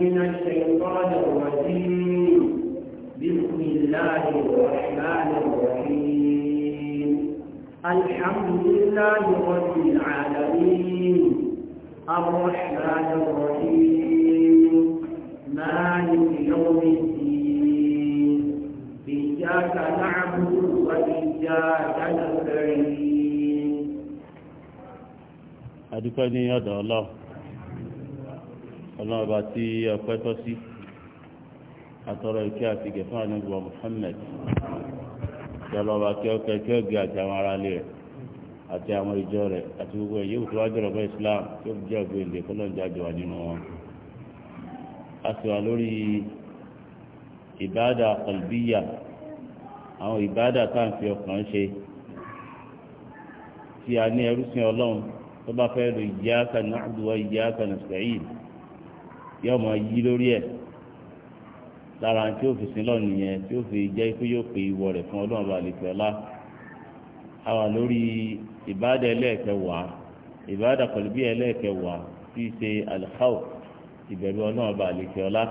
من الشيطان الرجيم بسم الله الرحمن الرحيم الحمد لله رب العالمين الرحمن الرحيم مالك يوم الدين إياك نعبد وإياك نستعين أدوكني يا الله ọlọ́run ọba tí ọpẹ́ tọ́ sí atọ́rọ ìkẹ́ àti gẹ̀fọ́n ànábì Muhammad ìjọba ọba kí ọkẹ́ kí ọ̀gẹ́ àti àwọn ará ilé rẹ̀ àti àwọn ìjọ rẹ̀ àti gbogbo ẹ̀yẹ òkú wájọ́ ọ̀bẹ Islam tí ó jẹ́ ọ̀gbẹ́ ilé kọ́lọ́njà jọ wà nínú wọn. a sì wà lórí ìbáàdà qalbiyya àwọn ìbáàdà tá à ń fi ọkàn ṣe tí a ní ẹrú sin ọlọ́run tó bá fẹ́ lo iyyaka na'budu wa iyyaka nasta'in yóò máa yí lórí ẹ̀ lára tí ó fi sin lọ nìyẹn tí ó fi jẹ́ pé yóò pe ìwọ rẹ̀ fún ọlọ́run bá lè fi ọlá a wà lórí ìbáàdà ẹlẹ́ẹ̀kẹwàá ìbáàdà pẹ̀lú bí ẹlẹ́ẹ̀kẹwàá tí í ṣe alikaw ìbẹ̀rù ọlọ́run bá lè ọlá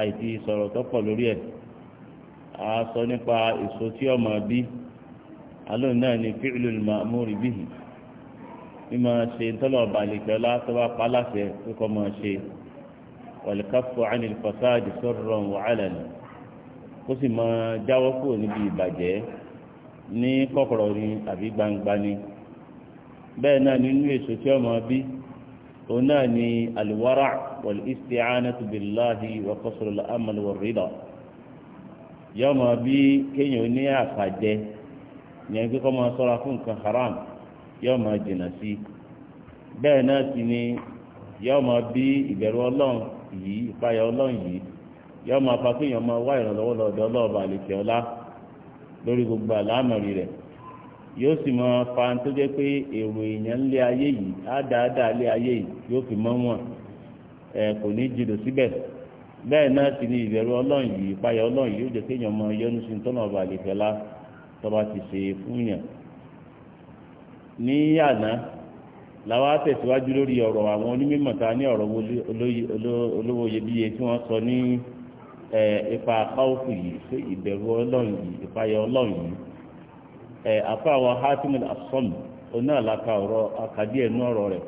àìsí sọ̀rọ̀ tó lórí ẹ̀ a sọ nípa èso tí ọmọ bí alóòrùn náà ni fíìlù ma'múrì bíhì mímọ ṣe ntọ́lọ̀ balẹ̀kẹ́ ọlá tó bá pa aláṣẹ tó kọ́ mọ ṣe wàlíkàfọ́ ánìlì fọ́sáàdì sọ̀rọ̀ wàhálà nù kó sì mọ jáwọ́ kúrò níbi ìbàjẹ́ ní kọ̀kọ̀rọ̀ ni àbí gbangba ni bẹ́ẹ̀ náà nínú èso tí ọmọ bí òun náà ni àlùwárà wal isti'anatu billahi wa qasru al-amal wa rida yọmọ bí kéèyàn ní àfàjẹ yẹn kí kọ́ máa sọ́ra fún nǹkan haram yóò máa jìnnà sí bẹ́ẹ̀ náà sì ni yóò máa bí ìbẹ̀rù ọlọ́run yìí ìpayà ọlọ́run yìí yóò máa fa kéèyàn máa wá ìrànlọ́wọ́ lọ́dọ̀ lórí gbogbo àlámọ̀rí rẹ̀ yóò sì máa fa tó jẹ́ pé èrò èèyàn lé ayé yìí ádáadáa lé ayé yìí yóò fi mọ́ wọn ẹ̀ kò ní síbẹ̀ bẹ́ẹ̀ náà ní àná làwọn àtẹ̀síwájú lórí ọ̀rọ̀ àwọn onímọ̀ ta ní ọ̀rọ̀ olówó iyebíye tí wọ́n sọ ní ipa káwọ́fù yìí pé ìbẹ̀rù ọlọ́run yìí ìpayà ọlọ́run yìí àfa àwọn hatimil asọ́mù oní àlàkà ọ̀rọ̀ àkàdé ẹ̀nú ọ̀rọ̀ rẹ̀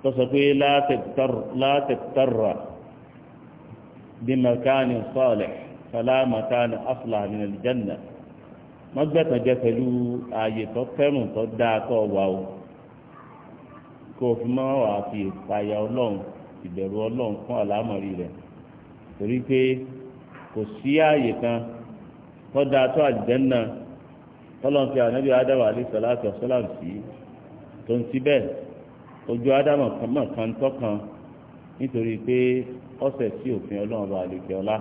tó sọ pé látẹ̀tẹ̀rà bí mẹ́kánì sọ́ọ̀lẹ̀ fọlá mẹ́kánì afúlàmì nàìjíríà wọ́n gbẹ̀tànjẹ pẹ̀lú ààyè tó fẹ́rùn tó dáa tó wà o kó o fi máa wà á fi ìpayà ọlọ́run ìbẹ̀rù ọlọ́run fún àlámọ̀rí rẹ̀ torí pé kò sí ààyè kan tó dáa tó àjẹ́nà tọ́lọ́n fi ànábì ádámù àdìsọ́láàtì ọ̀sọ́làm sí tó ń síbẹ̀ ojú ádámù kan mọ̀ kan tọ́kan nítorí pé ọ̀sẹ̀ sí òfin ọlọ́run bá àlejò ọlá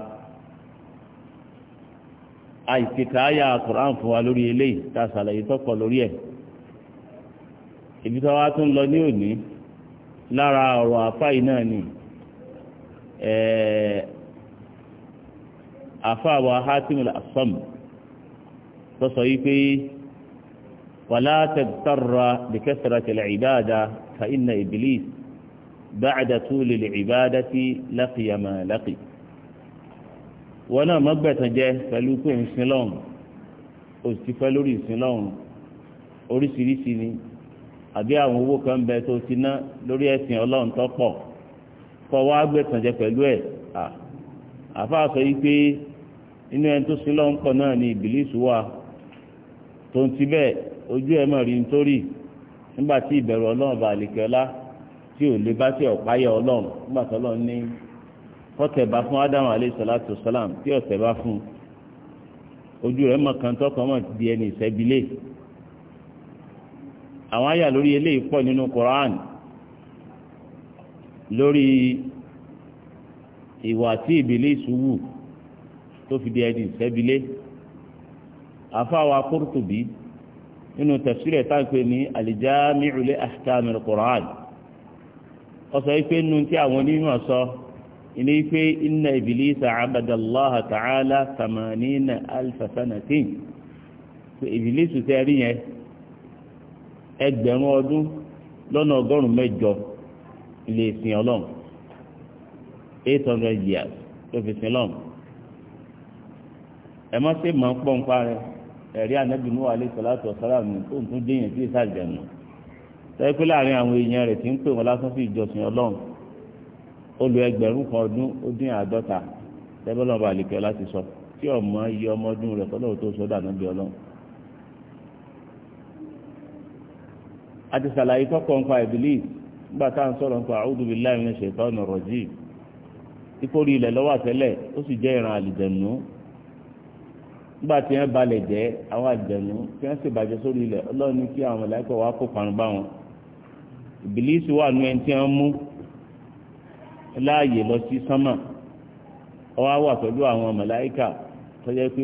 àìkìkà ayà àkùrán fún wa lórí eléyìí tá a ṣàlàyé tọ́pọ̀ lórí ẹ̀ ibi tó wá tún lọ ní òní lára ọ̀rọ̀ àfáì náà ni àfáà wa Hatim al-Asam tó sọ yìí pé wàlá tẹ̀tọ́ra bìkẹ́sìrà tẹ̀lẹ̀ ìbáàdà fa inna Iblis ba'da tuli al-ibadati laqiya ma laqi wọn náà má gbẹ̀tàn jẹ pẹ̀lú pé ń sin lọ́hùn o ti fẹ́ lórí ìsin lọ́hùn oríṣiríṣi ni àbí àwọn owó kan bẹ tó ti ná lórí ẹ̀sìn ọlọ́run tó pọ̀ kọ́ wá gbẹ̀tàn jẹ pẹ̀lú ẹ̀ àfa sọ yìí pé inú ẹni tó sin lọ́hùn pọ̀ náà ni ìbílísù wà tó ń ti bẹ́ẹ̀ ojú ẹ̀ mọ̀ rí nítorí nígbà tí ìbẹ̀rù ọlọ́run bá àlèkè ọlá tí ò lè bá tí ọ̀páyà ọlọ́run nígbà tó ọlọ́run ní kọ́tẹ̀bá fún ádámù alayhi salatu salam tí ọ̀tẹ̀bá fún ojú rẹ̀ mọ̀kàn tọkọ mọ̀ di ẹni ìṣẹ́bílẹ̀ àwọn àyà lórí eléyìí pọ̀ nínú Quran lórí ìwà tí ìbílẹ̀ ìṣubú tó fi di ẹni ìṣẹ́bílẹ̀ afáwa Qurtubi nínú tafsiri táǹpé ní al-Jami'u li ahkamil Quran ọ̀sọ̀ ìpé nínú tí àwọn onímọ̀ sọ. So, ìní pé inna ibilisa abadallaha ta'ala samanina alfasanatin ìbílísù tẹ́ rí yẹn ẹgbẹ̀rún ọdún lọ́nà ọgọ́rùn-ún mẹ́jọ lè sìn ọlọ́run eight hundred years ló fi sìn ọlọ́run ẹ má ṣe máa ń pọ̀ nípa rẹ ẹ̀rí ànábì Nuhu alayhi salatu wa salam ní tó ń tún déyìn sí ìsàjẹ̀nù sẹ́yìn pé láàrin àwọn èèyàn rẹ̀ ti ń pè wọ́n lásán sí ìjọsìn ọlọ́run ó lo ẹgbẹ̀rún kan ọdún ó dín àádọ́ta tẹ́bọ́lọ́ ọba àlèkẹ́ láti sọ tí ọmọ iye ọmọ ọdún rẹ̀ kọ́lọ́ tó sọ dànù bí ọlọ́run. àti sàlàyé tọkọ nǹkan àìbílí nígbà tá à ń sọ̀rọ̀ nǹkan a'udhu billahi minash shaitani rajim ìkórè ilẹ̀ lọ́wọ́ àtẹ́lẹ̀ ó sì jẹ́ ìran àlìjẹ̀nù nígbà tí wọ́n balẹ̀ jẹ́ àwọn àlìjẹ̀nù tí wọ́n sì bàjẹ́ sórí ilẹ̀ ọlọ́run ní kí àwọn mọ̀lẹ́kọ̀ wá kó parun bá wọn ìbílí sì wà nú ẹni tí wọ́n mú láàyè lọ sí sánmà ọwọ́ wà pẹ̀lú àwọn màláíkà tó jẹ́ pé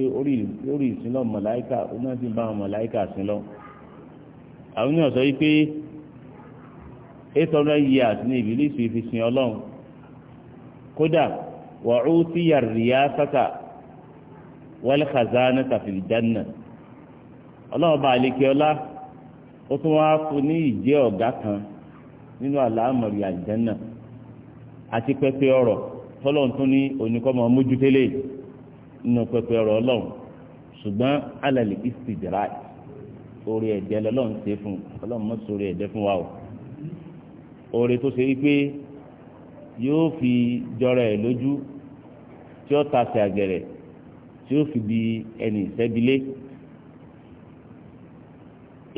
orí ìsinlọ̀ màláíkà ó náà ti bá àwọn màláíkà sinlọ̀ àwọn ènìyàn sọ yìí pé eight hundred years ní ìbílísì fi sin ọlọ́run kódà wà ó ti yàrìyà sáta wal khazanata fil janna ọlọ́run bá àlekè ọlá ó tún wá fún ní ìjẹ́ ọ̀gá kan nínú àlámọ̀rí àlìjánná àti pẹpẹ ọ̀rọ̀ tọ́lọ̀ tún ní oníkọ́mọ mójútélé nínú pẹpẹ ọ̀rọ̀ ọlọ́run ṣùgbọ́n alẹ́lẹ́ ìsìdìrá orí ẹ̀jẹ̀ lọ́lọ́run ṣe fún ọlọ́run mọ́ sórí ẹ̀jẹ̀ fún wa o orí tó ṣe wípé yóò fi jọra ẹ̀ lójú tí ó ta sí àgẹ̀rẹ̀ tí ó fi di ẹni ìṣẹ́bilé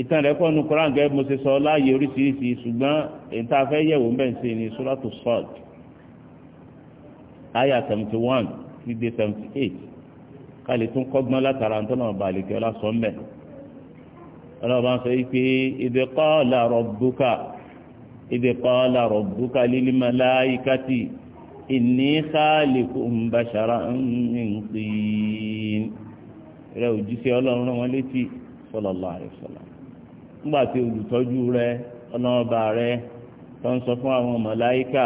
ìtàn rẹ̀ kọ́ nu koran gẹ́gẹ́ mo ṣe sọ láàyè oríṣiríṣi ṣùgbọ́n èyí tá a fẹ́ yẹ̀wò ń bẹ̀ ń ṣe ni sóràtò sọ́ọ̀tì àyà seventy one sí dé seventy eight kálí tún kọ́gbọ́n látara ń tọ́nà ọba àlèkè ọlá sọ mbẹ́ ọlọ́ba sọ yìí pé idh qala rabbuka idh qala rabbuka lil malaikati inni khaliqun basharan min tin rẹ òjíṣẹ́ ọlọ́run wọn létí sallallahu alaihi wasallam ńgbà tí olùtọ́jú rẹ ọlọ́ọ̀bà rẹ tó ń sọ fún àwọn màláíkà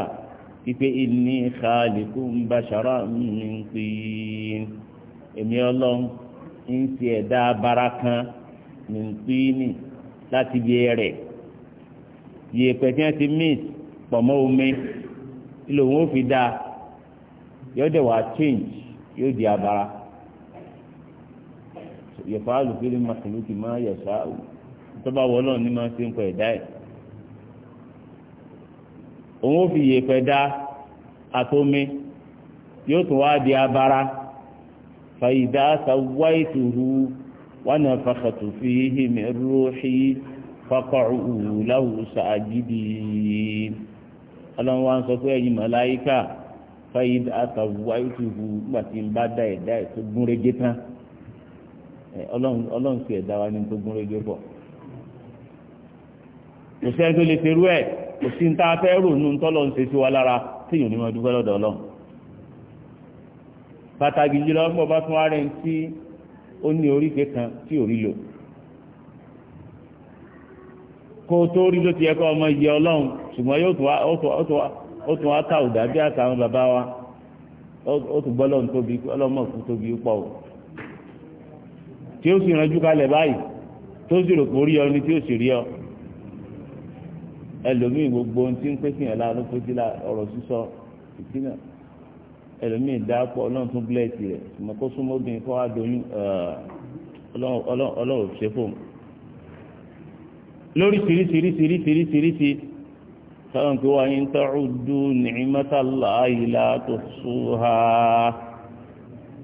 wípé inni khaliqun basharan min tin èmi ọlọ́run ń ti ẹ̀dá abara kan min tini láti bí ẹrẹ̀ yèèpẹ̀ tí wọ́n ti mint pọ̀ mọ́ omi kí lòun ó fi dáa yóò dẹ̀ wá change yóò di abara yẹ̀fọ́ àlùfẹ́ ni màkìlúkì máa yẹ̀ sáà tó bá wọ́ máa ń ṣe ń pọ̀ ẹ̀dá ẹ̀ òun ó fi yèèfẹ̀ dá àtomi yóò tún wá di abara fàyídá sàwáìtìhù wọn náà fàkàtù fi hìmẹ rúhì fàkọ̀ọ̀hù láwù sàájìdì ọlọ́run wa ń sọ pé ẹ̀yin màláyíkà fàyídá sàwáìtìhù gbàtí ń bá dá ẹ̀dá ẹ̀ tó tán ọlọ́run sì ẹ̀dá wa ní tó gún régé kò sẹ́ni tó lè ṣerú ẹ̀. kò sí ní tá a fẹ́ rònú ń ṣe sí wa lára ní wọn dúpẹ́ lọ́dọ̀ ọlọ́run pàtàkì jùlọ ń bọ̀ bá fún ara tí ó ní kan tí ò rí lò kó tó rí ló ti yẹ kó ọmọ yẹ ọlọ́run ṣùgbọ́n yóò tún wá ká òdà bí bàbá wa ó tún gbọ́ tóbi ọlọ́mọ tóbi pọ̀ o tí ó sì kalẹ̀ báyìí tó sì rò ẹlòmíì gbogbo ohun tí ń pèsè yẹn láàánú pèsè la ọ̀rọ̀ sísọ ìtìnà ẹlòmíì dáàpọ̀ ọlọ́run tún bílẹ̀tì rẹ̀ mọ̀ kó súnmọ́ obìnrin kọ́ adóyún ọlọ́run ṣe fóun. lórí tìrìtìrìtìrìtìrìtì sọ́dọ̀ pé wàá yín tọ́rù dú ni'matallahi la tuhsuha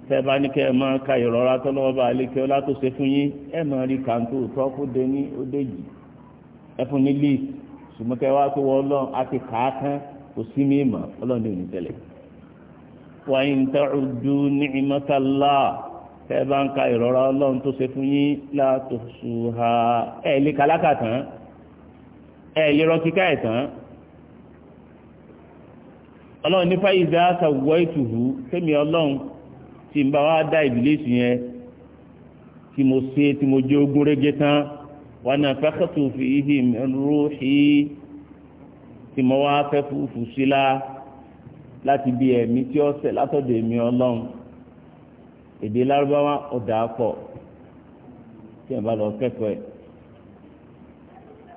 tẹ́ bá ní kẹ́ ẹ máa ka ìrọ̀rá tọ́lọ́wọ́ bá alékẹ́ ọlá tó ṣe fún yín ẹ máa rí kàńtó tọ́kú dé ní ó dé ẹ fún ní líìsì ṣùgbọ́n kẹ́ wá pé wọ́n ọlọ́run á ti kà á kán kò sí mi mọ̀ ọlọ́run ní ìtẹ̀lẹ̀. wa in ta'uddu ni'matallahi tẹ́ bá ń ka ìrọ̀rọ̀ ọlọ́run tó ṣe fún yín la tuhsuha ẹ̀ lè kàlákà tán ẹ̀ lè rọ kíkà ẹ̀ tán ọlọ́run ní fáyidá sàwùwọ́ ìtùhù tẹ́mi ọlọ́run tí ń bá wá dá ìbílẹ̀ ìsìn yẹn tí mo ṣe tí mo jẹ́ ogún régé tán ونفخت فيه من روحي tí mo wá fẹ́ fúfú sí la láti bí ẹ̀mí tí ó sẹ̀ látọ̀dọ̀ èmi ọlọ́run èdè lárúbáwá ọ̀dà pọ̀ tí ẹ̀ bá lọ kẹ́kọ̀ọ́ ẹ̀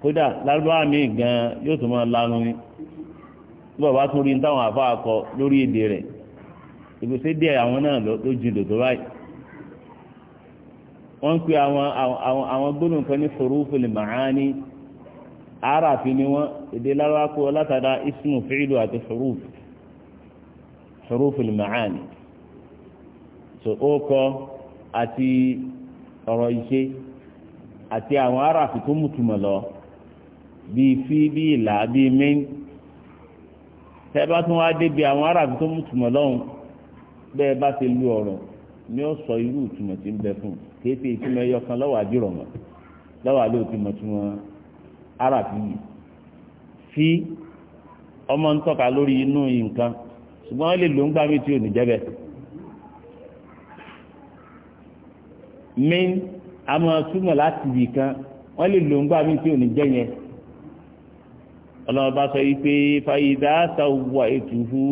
kódà lárúbáwá mi gan yóò tún máa lanu ni bí bàbá tún rí ní táwọn àfa akọ lórí èdè rẹ̀ ìgbésẹ̀ díẹ̀ àwọn náà ló jìn dòdò báyìí wọ́n ń pe àwọn àwọn àwọn gbólóhùn kan ní huruful ma'ani arafi ni wọ́n èdè lárúbáwá kó látara ismu fi'lu àti huruf huruful ma'ani so ó kọ àti ọ̀rọ̀ ìṣe àti àwọn arafi tó mùtùmọ̀ lọ bíi fi bíi ìlà bíi mẹ́ni tẹ́ bá tún wá débi àwọn arafi tó mùtùmọ̀ lọ́hùn bẹ́ẹ̀ bá ti lu ọ̀rọ̀ ni ó sọ irú ìtumọ̀ tí ń bẹ fún un kì í fi ìtumọ̀ ẹyọ kan lọ́wọ́ àdìrọ̀ mọ́ lọ́wọ́ àlẹ́ òtúmọ̀ tí wọ́n ara fi yìí fi ọmọ ń tọ́ka lórí inú nǹkan ṣùgbọ́n ó lè lò ń gbá mi tí ò ní jẹ́ bẹ́ẹ̀. mi a túmọ̀ láti ibì kan wọ́n lè lò ń gbá mi tí ò ní jẹ́ yẹn ọlọ́run sọ yìí pé fàyídà sáwọ́ ètùfú.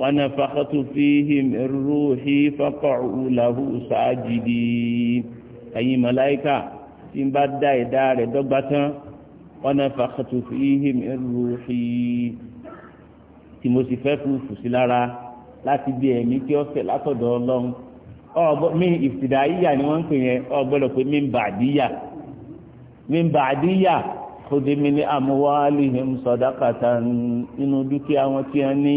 ونفخت فيه من روحي فقعوا له ساجدين ẹ̀yin màláíkà tí ń bá dá ẹ̀dá rẹ̀ dọ́gba tán ونفخت فيه من روحي tí mo sì fẹ́ fún fùsí lára láti bí ẹ̀mí tí ó fẹ́ látọ̀dọ̀ ọlọ́run ọ̀bọ̀ mi ìfìdáyíyà ni wọ́n ń pè yẹn ọ̀gbọ́dọ̀ pé mi ń bà díyà mi ń bà díyà kò dé mi ní amwalihim sadaqatan nínú dúkìá wọn tí wọ́n ní.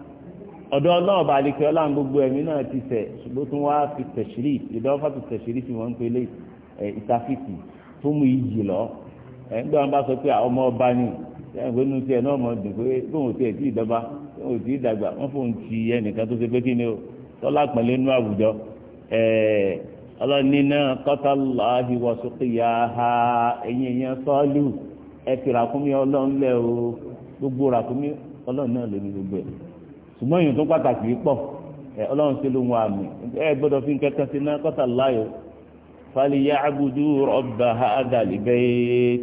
ọ̀dọ̀ ọlọ́run bá lè kí ọlọ́run gbogbo ẹ̀mí náà ti tẹ̀ ṣùgbọ́n tó wá fi tẹ̀sírì ìdánwò tó tẹ̀sírì fi wọ́n ń pele tó mú ìjì lọ ẹ̀ ń gbọ́ bá sọ pé ọmọ ọba ni ẹ̀ǹgbẹ́ nu tiẹ̀ náà mọ̀ dùn pé tí tí wọ́n fóun ti ẹnìkan tó ṣe pé kí ni o tọ́lá ẹ̀ ṣùgbọ́n èèyàn tó pàtàkì pọ̀ ẹ ọlọ́run ṣe ló ń wọ àmì ẹ gbọ́dọ̀ fi kẹ́kẹ́ sí náà kọ́tà láyò fàlìyà abudu rọba adàlì bẹ́ẹ̀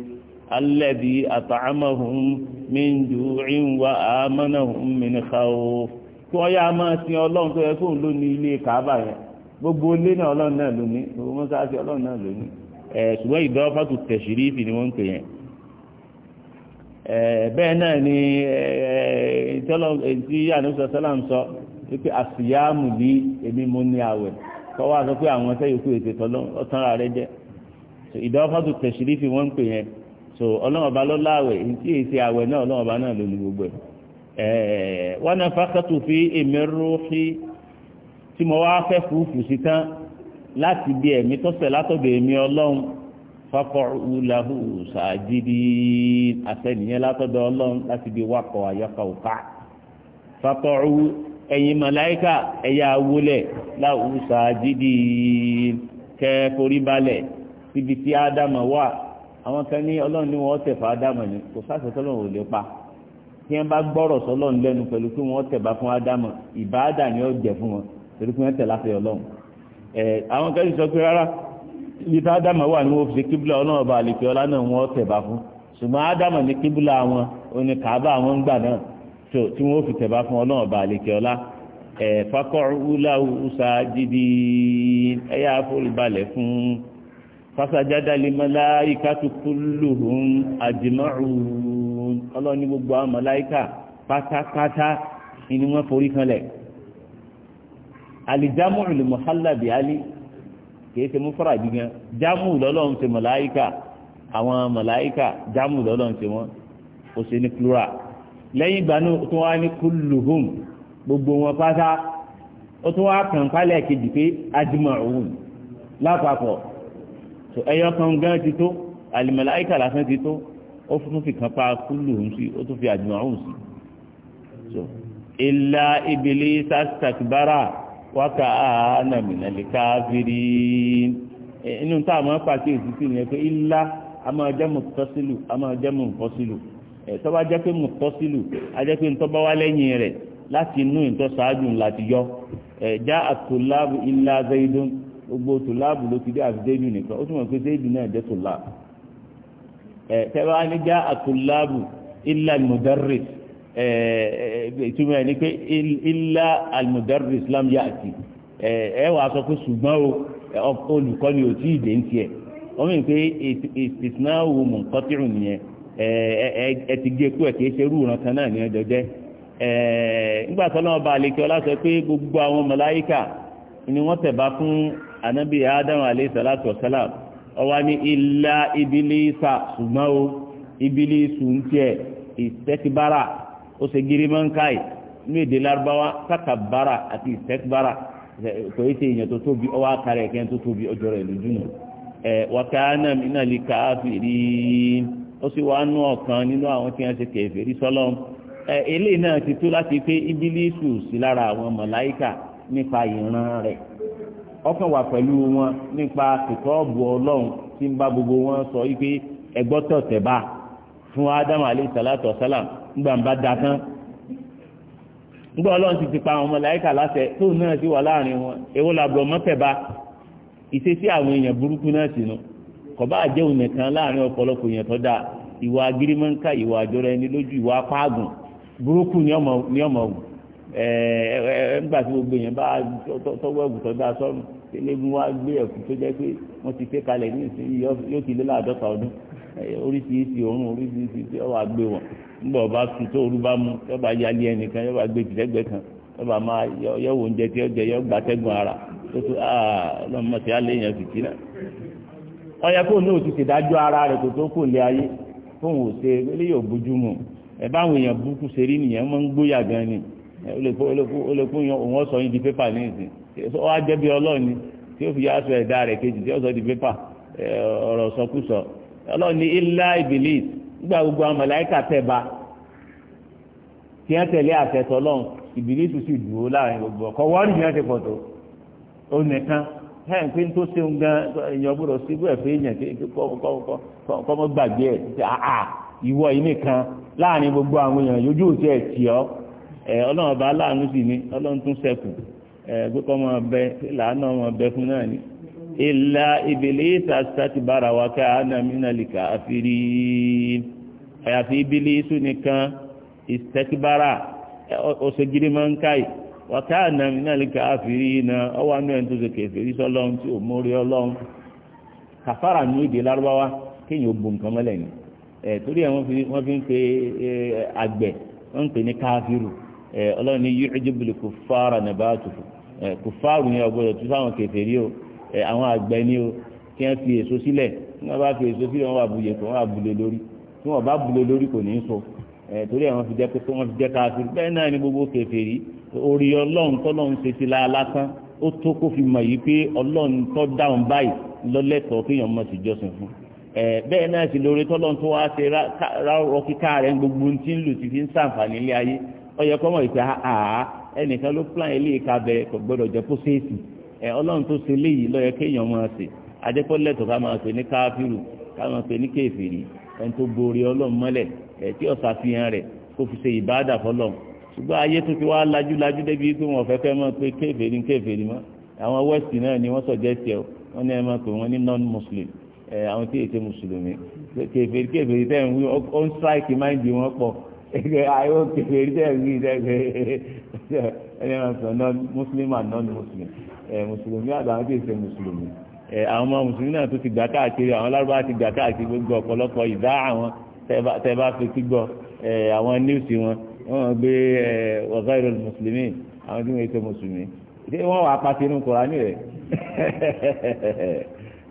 alẹ́bí àtàmọ́hùn mìndù ìwà àmọ́nàhùn mìnìkàwò kí wọ́n yá máa sin ọlọ́run tó yẹ fóun ló ní ilé kàábà yẹn gbogbo ilé náà ọlọ́run náà lóní gbogbo mọ́sáàsì ọlọ́run náà lóní ẹ̀ ṣùgbọ́n ìdọ́ fàtú tẹ̀sírífì ni wọ́n ń pè yẹn Eh, bẹ́ẹ̀ náà ni ìtọ́lọ́ eh, eh, tí àdúgbò sọ́lá ń sọ wípé àsìyáàmù bí èmi mo ní àwẹ̀ kọ́ wá sọ pé àwọn sẹ́yìnkú ètò ọ̀tánra rẹ jẹ́ ìdánwòfàtò tẹ̀sírí fi wọ́n ń pè yẹn so ọlọ́mọba ló láwẹ̀ tí èsì àwẹ̀ náà ọlọ́mọba náà ló ní gbogbo ẹ̀ wọ́n náà fákàtò fi èmi rú sí tí mo wá fẹ́ fúfú sí tán láti bí ẹ̀mí tọ́sẹ̀ látọ̀dọ̀ èmi ọlọ́run fakọ̀ọ̀hù lahu sàájìdì àfẹnìyẹn látọ̀dọ̀ ọlọ́run láti bí wakọ̀ àyọkọ̀ òkà fakọ̀ọ̀hù ẹ̀yin màláìkà ẹ̀yà wọlé lahu sàájìdì kẹfọ́rí balẹ̀ síbi tí ádámà wà àwọn kan ní ọlọ́run ni wọ́n tẹ̀ fún ádámà ni kò sáṣẹ tọ́lọ́run ò lè pa tí bá gbọ́rọ̀ sọlọ́run lẹ́nu pẹ̀lú pé wọ́n tẹ̀ bá fún ádámà ìbáàdà ni ó jẹ́ fún wọn torí pé wọ́n tẹ̀ láfẹ́ ọlọ́run àwọn kan sì rárá ibi tá ádámà wà ní wọ́n fi kíbùlà ọlọ́run ọba àlèkè ọlá náà wọ́n tẹ̀bà fún ṣùgbọ́n ádámà ní kíbùlà wọn òní kàábà wọn ń gbà náà tí wọ́n fi tẹ̀bà fún ọlọ́run ọba àlèkè ọlá ẹ̀ fakọ́rúlà ọ̀sà jìdí ẹ̀yà àforíbalẹ̀ fún fasajadali mọláyíká tó kulluhum ajma'un gbogbo àwọn pátápátá ni wọ́n forí kanlẹ̀ alijamu lè mọ̀hálà bíálí kìí ṣe mufradi gan jámù lọ́lọ́run ṣe màláíkà àwọn màláíkà jámù lọ́lọ́run ṣe wọ́n ó ṣe ní plural lẹ́yìn ìgbà náà tó wá ní kulluhum gbogbo wọn pátá ó tún wá kàn pálẹ̀ kejì pé ajma'un lápapọ̀ tó ẹyọ kan gan ti tó al lásán ti tó ó tún fi kàn pa kulluhum sí ó tún fi ajma'un sí. illa iblisa stakbara wákà ànàmìnà lè káfírí inú a máa pàṣẹ ìsísí yẹn pé a máa jẹ́ mọ̀tọ́sílù a máa jẹ́ mọ̀tọ́sílù tó bá jẹ́ pé mọ̀tọ́sílù a jẹ́ pé ntọ́ wá lẹ́yìn rẹ̀ láti inú ìtọ́ ṣáájú láti yọ já àtòláàbù ilá zaidun gbogbo tòláàbù ló ti dé àti nìkan ó túmọ̀ pé zaidu náà jẹ́ tòláàbù tẹ́wàá ní já àtòláàbù ìtumọ̀ ẹ̀ pé ilá almudarris islam yá àti ẹ sọ pé ṣùgbọ́n olùkọ́ ni ò tí ì ń tiẹ̀ wọ́n mìíràn pé nìyẹn ẹ ti gé kú ẹ̀ kì ṣe irú ìrántán náà ní ọjọ́ jẹ́ nígbà tó bá ọlá sọ pé gbogbo àwọn màláíkà ni wọ́n fún anabi adam alayhi salatu ọwọ́ ilá ibilisa ṣùgbọ́n o ibilisu ń tiẹ̀ ó ṣe girimankai ní èdè lárúbáwá takabbara ati tekbara kò yẹ ṣe èèyàn tó tóbi ọwọ́ àkàrà ẹ̀kẹ́ tó tóbi ọjọ́ rẹ̀ lójú nù ẹ̀ wàkàánà mìíràn lè ká fèrè ó sì wàá nú ọ̀kan nínú àwọn tí wọ́n ṣe kèfèrí sọ́lọ́m ẹ̀ eléyìí náà ti tó láti pé ìbílísù sí lára àwọn màláíkà nípa ìran rẹ̀ ọkàn wà pẹ̀lú wọn nípa kìtọ́ọ̀bù ọlọ́run tí ń bá gbogbo wọn sọ wípé ẹgbọ́tọ̀ tẹ̀ bá fún alayhi salatu wa salam nígbà ń bá da tán nígbà ọlọ́run ti ti pa àwọn ọmọ láyíká láṣẹ tóun náà sì wà láàrin wọn èwo làbọ̀ mọ́tẹ̀bá ìṣesí àwọn èèyàn burúkú náà sínú kọ̀bá àjẹun nìkan láàrin ọ̀pọ̀lọpọ̀ èèyàn tó dáa ìwà agirimọ́ńkà ìwà àjọra ẹni lójú ìwà apáàgùn burúkú ni ọmọ wù ẹ ẹ nígbà tí gbogbo èèyàn bá tọwọ́ ẹ̀wù tó dáa sọ́run eléegun wá gbé ẹ̀kú tó jẹ́ pé wọ́n ti pé kalẹ̀ ní ìsinyìí yóò oríṣiríṣi òórùn oríṣiríṣi tí ọba gbé wọn nígbà ọba tu tó orú bá mu ọba yálé ẹnìkan yọba gbé tìlẹ́gbẹ́ kan ọba máa tí ọjẹ yọ ara tó aa tí a lè yàn fìtí náà ọyẹ kó ní òtútù ara tó kò lé ayé fóun ò ṣe bójú mu ẹ báwọn èèyàn burúkú ṣe rí nìyẹn ń gbóyà gan ni ó lè yín di pépà ọlọ́run ni ilá ibilis nígbà gbogbo àwọn màláíkà tẹ̀ tí wọ́n tẹ̀lé àṣẹ tọ́lọ́run ibilis sì dúró láàrin gbogbo ọkọ̀ wọ́ọ̀rì ni wọ́n ti pọ̀ tó tó ṣeun gan èèyàn gbọ́dọ̀ ẹ̀ kọ́mọ́ gbàgbé ẹ̀ ti àà ìwọ yìí nìkan láàrin gbogbo àwọn èèyàn yójú òsì ẹ̀ tì ọ́ ẹ̀ ọlọ́run ọba sì ni ọlọ́run ìlà ìbílísà sátìbára wa ká afiri àfírí àyàfi ìbílísù nìkan ìsẹtìbára ọ̀sẹ̀gírímọ̀nkáì wa ká ànàmínàlìkà afiri na ọwọ́ àánú ẹni tó ṣe kẹfìrí sọlọ́run tí ò mórí ọlọ́run kàfàrà o bu nǹkan mọ́lẹ̀ ni ẹ̀ torí ẹ̀ wọ́n fi ń pe àgbẹ̀ o. àwọn àgbẹ̀ ni o kí wọ́n fi èso sílẹ̀ tí wọ́n bá fi èso sílẹ̀ wọ́n wà buyè kó wọ́n wà bulè lórí tí wọ́n bá bulè lórí kò ní í so torí àwọn fi jẹ́ pé wọ́n fi jẹ́ káàkiri bẹ́ẹ̀ náà ni gbogbo kèfèrí orí ọlọ́run tọ́lọ́run ṣe ti la lásán ó tó kó fi mọ̀ yìí pé ọlọ́run tọ́ dáhùn báyìí lọ́lẹ́tọ̀ọ́ kéèyàn mọ̀ sí jọ́sìn fún bẹ́ẹ̀ náà sì lórí tọ́lọ́n tó wá ṣe rárọ kíká rẹ̀ gbogbo tí ń lù ti fi ń sàǹfààní ilé ayé ó yẹ kọ́mọ̀ ìpè àá ẹnìkan ló plan ilé ìka bẹ̀rẹ̀ kò gbọ́dọ̀ jẹ́ pósẹ́ẹ̀sì ẹ ọlọ́run tó ṣe léyìí lọ́yẹ kéèyàn máa ṣe adékọ́lẹ̀ tó ká máa ṣe ní káfíìrù ká máa ṣe ní kèfèrí ẹni tó borí ọlọ́run mọ́lẹ̀ ẹ tí ọ̀sà fi hàn rẹ̀ kó fi ṣe ìbáàdà fọlọ́run ṣùgbọ́n ayé tó ti wá lajú lajú débi pé wọn fẹ́ fẹ́ máa pe kèfèrí ní kèfèrí mọ́ àwọn west náà ni wọ́n sọ̀jẹ́ tiẹ̀ wọ́n ní ẹ máa pè wọ́n ní non-muslim ẹ àwọn tí èsè mùsùlùmí kèfèrí kèfèrí tẹ̀ ń wí ó ń strike mind wọn pọ̀ ẹgbẹ́ ayé kèfèrí tẹ̀ ń wí ẹgbẹ́ ẹ ní ẹ máa sọ non-muslim and non Eh, mùsùlùmí àtàwọn tí ì ṣe mùsùlùmí eh, àwọn ọmọ mùsùlùmí náà tó ti gbà káàkiri àwọn lárúbáwá ti gbà káàkiri gbogbo ọ̀pọ̀lọpọ̀ ìdá àwọn tẹ́ bá fi ti gbọ́ eh, àwọn níwùsì wọn wọ́n gbé ọ̀gá ìrọ̀ mùsùlùmí àwọn tí wọ́n ṣe mùsùlùmí ṣé wọ́n wà pàṣẹ inú Kùránì rẹ̀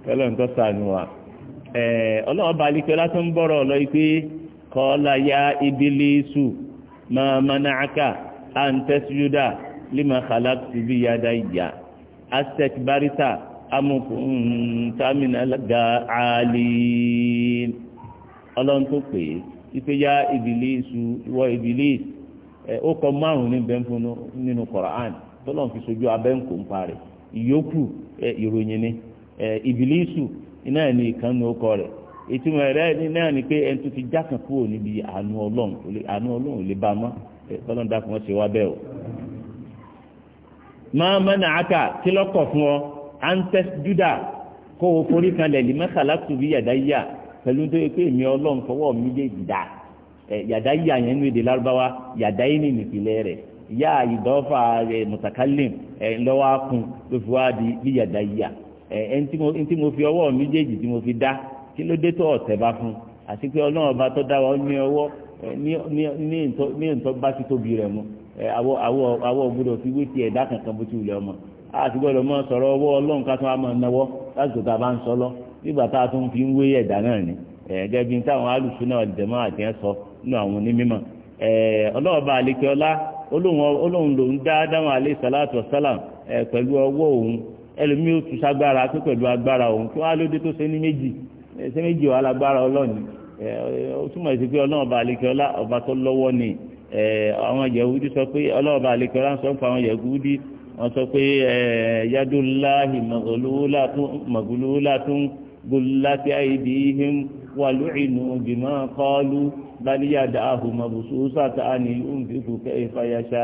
tọ́lọ̀ ń tọ́ sànù wa ọlọ́run bá lè pẹ́ ń bọ̀rọ̀ lọ pé kọ́lá ya ibilisu máa mana'aka à ń tẹ́síjúdà lima khalaqtu bí yada ìyá. astakbarita amukuntamina gaali ọlọ́run tó pè é ife ya ìbílísù ìwọ ìbílís ó kọ márùn ní bẹ́ńfónú nínú Qur'an tọ́lọ́n fi sojú abẹ́ǹkó ń parẹ́ ìyókù ìròyìn ni ìbílísù iná ẹ̀ ní ọkọ rẹ̀ ìtumọ̀ rẹ̀ náà ni pé ẹni tó ti jákàn kúrò níbi àánú ọlọ́run àánú ò lè bá a mọ́ dákun ṣe máa mẹ́nà àkà kí lọ́kọ̀ fún ọ antes juda kó o forí kalẹ̀ lè mẹ́sàlá tùbí yàdáyà pẹ̀lú tó yẹ pé èmi ọlọ́run fọwọ́ mi lè dà yàdáyà yẹn ní èdè lárúbáwá yàdáyé ní ìpìlẹ̀ rẹ̀ yá ìdọ́fà mùtàkálìm lọ́wọ́ akun ló fi wá di bí yàdáyà ẹ̀ ń tí mo fi ọwọ́ mi méjèèjì tí mo fi dá kí ló dé tó ọ̀tẹ̀ bá fún àti pé ọlọ́run ọba tó dá wa ní ọwọ́ ní ní ní ní ní àwọ àwọ àwọ gbọ́dọ̀ fi wé ti kankan bó ti wùlẹ̀ ọmọ ti gbọ́dọ̀ mọ sọ̀rọ̀ ọwọ́ ọlọ́run ká tún wá mọ náwọ́ lásìkò tá a bá ń sọ nígbà tá a fi ń wé naa ni gẹ́gẹ́ bí táwọn alùsùn náà dẹ̀mọ́ àti ẹ̀ sọ nínú àwọn onímọ̀ ọlọ́ọ̀bá àlekẹ́ ọlá olóhùn lòún dá dáhùn sàlátù òun ẹlòmíì ó tún pé agbára òun tó ṣe ní méjì àwọn yahudi sọ pé ọlọ́ọ̀bà àlekọ́lá ń sọ fún àwọn yahudi wọ́n sọ pé yadullahi maghlulatun gullat aydihim wa lu'inu bima qalu bal yadahu mabsusatan yunfiqu kayfa yasha